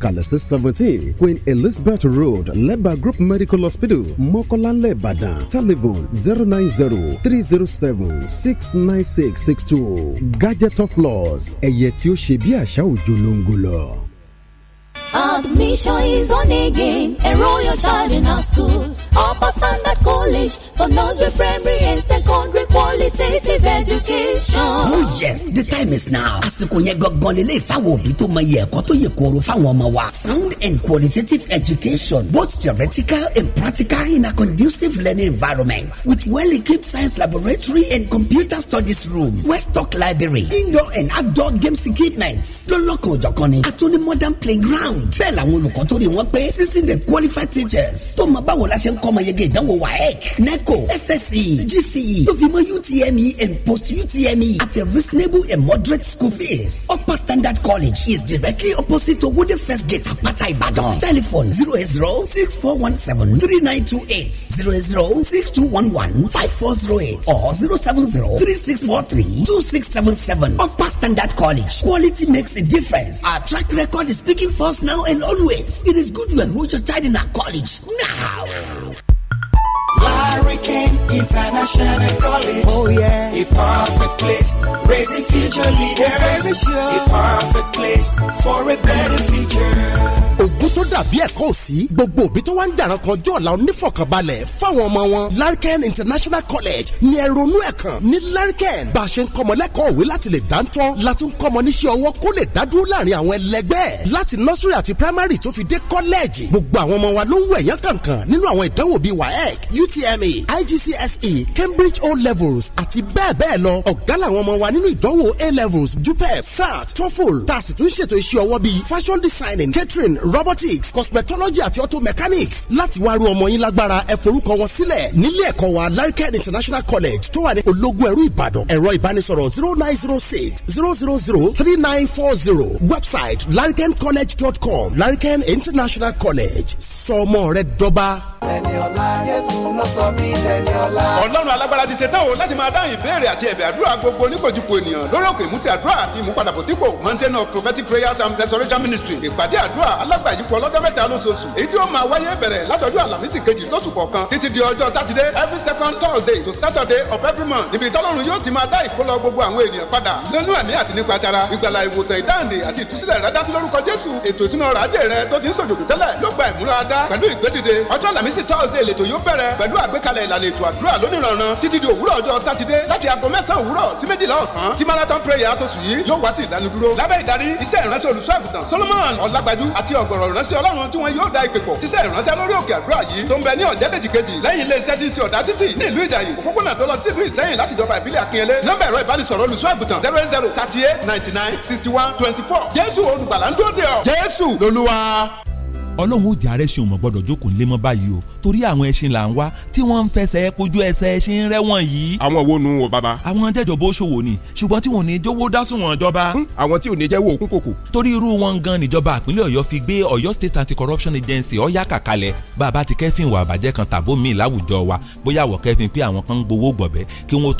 kalẹ̀sí seventeen Queen Elizabeth Road Leba Group Medical Hospital Mọ́kànlá Ìbàdàn telephone zero nine zero three zero seven six nine six six two Gadget of Laws ẹ̀yẹ tí ó ṣe bí àṣà òjò ló ń gò lọ. Admission is on again. Enroll your child in our school. Upper Standard College for nursery, primary, and secondary qualitative education. oh yes the time is now. àsìkò yẹn gangan lè lè fáwọn òbí tó mọ iye ẹ̀kọ́ tó yẹ kóró fáwọn ọmọ wa. sound and qualitative education both theoretical and practical in a conducive learning environment with well-equipped science laboratory and computer studies room Westock library indoor and outdoor games equipment lọ́lọ́kan òjọ̀kan ni àtúndì modern playground bẹ́ẹ̀ làwọn olùkọ́ tó rí wọn pé sixteen the qualified teachers tó mọ báwo la ṣe ń kọ́ ọmọ yege ìdánwò waec neco sse gce tó fi mọ́ Secure UTME and post UTME at a reasonable and moderate school fees. Upper Standard College is directly opposite to Wooden First Gate, Apata Ibadan. Telephone 080 6417 3928 080 6211 5408 or 070 3643 2677. Upper Standard College. Quality makes a difference. Our track record is speaking for us now and always. It is good you enroll your child in our college now. Hurricane International College. Oh yeah. A perfect place, raising future leaders. A perfect place for a better future. tó dàbí ẹ̀kọ́ òsì gbogbo òbí tó wá ń dàrán kan jọ ọ̀la onífọ̀kànbalẹ̀ fáwọn ọmọ wọn Larkin International College ní ẹ̀rọnú ẹ̀kan ní Larkin bá a ṣe ń kọ́mọ lẹ́kọ̀ọ́ òwe láti lè dáńtọ́ láti ń kọ́mọ níṣẹ́ ọwọ́ kó lè dádúró láàrin àwọn ẹlẹgbẹ́ láti nursery àti primary tó fi dé kọ́lẹ́ẹ̀jì gbogbo àwọn ọmọ wa ló ń wẹ̀yán kankan nínú àwọn ìdánwò bíi WAEC UTME IGCSE Cambridge O levels àti bẹ́ẹ̀ bẹ́ẹ̀ lọ ọ̀gá làwọn ọmọ wa nínú ìdánwò A levels JUPEP SAT Truffle tá a sì tún ṣètò iṣẹ́ ọwọ́ bíi fashion designing catering robot pediatrics cosmetology àti auto mechanics láti wá rú ọmọ yín lágbára ẹ forúkọ wọn sílẹ̀ nílé ẹ̀kọ́ wa larkin international college tó wà ní ológun ẹ̀rú ìbàdàn ẹ̀rọ ìbánisọ̀rọ̀ zero nine zero six zero zero zero three nine four zero website larkincollege.com larkin international college sọ ọmọ rẹ dọ́ba. ẹni ọlá yẹsùn ló sọ mí lẹni ọlá. ọlọ́run alágbára ti ṣe tán o láti máa dáhùn ìbéèrè àti ẹ̀bẹ̀ àdúrà gbogbo oníkojúpo ènìyàn lórí òkè ìmúsí àdúrà àti ìmúpadàbọ̀sípò mountain of prophetic prayers and restoration ministry ìpàdé àdúrà alágbàyíp ẹ̀kọ́ ọlọ́jọ́ mẹ́ta lóṣooṣù èyí tí ó máa wáyé bẹ̀rẹ̀ látọjọ́ àlàmísì kejì lóṣù kọ̀ọ̀kan títí di ọjọ́ sátidé every second thursday to saturday of every month níbi tọ́lọ́run yóò ti máa dá ìkólọ gbogbo àwọn ènìyàn padà lẹ́nu ẹ̀mí àti nípa tara ìgbàlà ìwòsàn ìdáǹdè àti ìtúsílẹ̀ rádá tí lórúkọ jésù ètò ìsúná ọrọ̀ ajé rẹ tó ti ń ṣòjòjò tẹ́lẹ̀ yóò gba ìmúradá pẹ̀lú ìgbédìde ọjọ́ àlàmísì thursday lètò yóò bẹ̀rẹ̀ pẹ̀lú àgbékalẹ̀ ìlànà ètò àdúrà lónìrànran títí di òwúrọ̀ ọjọ́ sátidé láti aago mẹ́sàn-án òwúrọ̀ sí méjìlá ọ̀sán tí marathon prayer tó sùn yìí yóò wá sí ìdánidúró lábẹ́ ìdarí iṣẹ́ ìránṣẹ́ olùṣọ́ àgùntàn solomon ọ̀làgbájú àti ọ̀gọ̀rọ̀ ìránṣẹ́ ọlọ́run tí wọn yóò da ìpè pọ̀ ṣiṣẹ́ ìránṣẹ́ lórí òkè àdúrà yìí tó ń bẹ ní ọ̀jẹ́dẹ̀jì kejì lẹ́yìn iléeṣẹ́ tí ń ṣe ọ̀dà títì ní ìlú ìjàyè òpópónà tó lọ sí ìlú ìsẹ́yìn láti ìjọba ìbílẹ̀ akínyẹlé nọ́mbà ẹ̀rọ ìbánisọ̀rọ̀ olùṣọ́ zero zero thirty eight ninety nine sixty one twenty four jésù olùgbàlà ń dóde ọ jésù lolúwa ọlọ́run ó jẹ́ arẹ́sìn òmò gbọ́dọ̀ jókòó nílé mọ́ báyìí o torí àwọn ẹṣin là ń wá tí wọ́n ń fẹsẹ̀ kojú ẹsẹ̀ ẹṣin rẹ́wọ̀n yìí. àwọn wo nu wo bàbá. àwọn jẹjọ bó ṣòwò ni ṣùgbọ́n tí wọn ò ní jówó dásùn wọn jọba. àwọn tí ò ní jẹ́ wo òkú kòkò. torí irú wọn gan níjọba ìpínlẹ̀ ọ̀yọ́ fi gbé ọ̀yọ́ state anti-corruption agency ọ̀yá kàkalẹ̀ bàbá ti kẹ́fìn wà bàjẹ́ kan tàbó míì láwùjọ wa bóyá wọ̀ kẹ́fìn pé àwọn kan ń gbowó gbọ̀bẹ́ kí wọ́n tó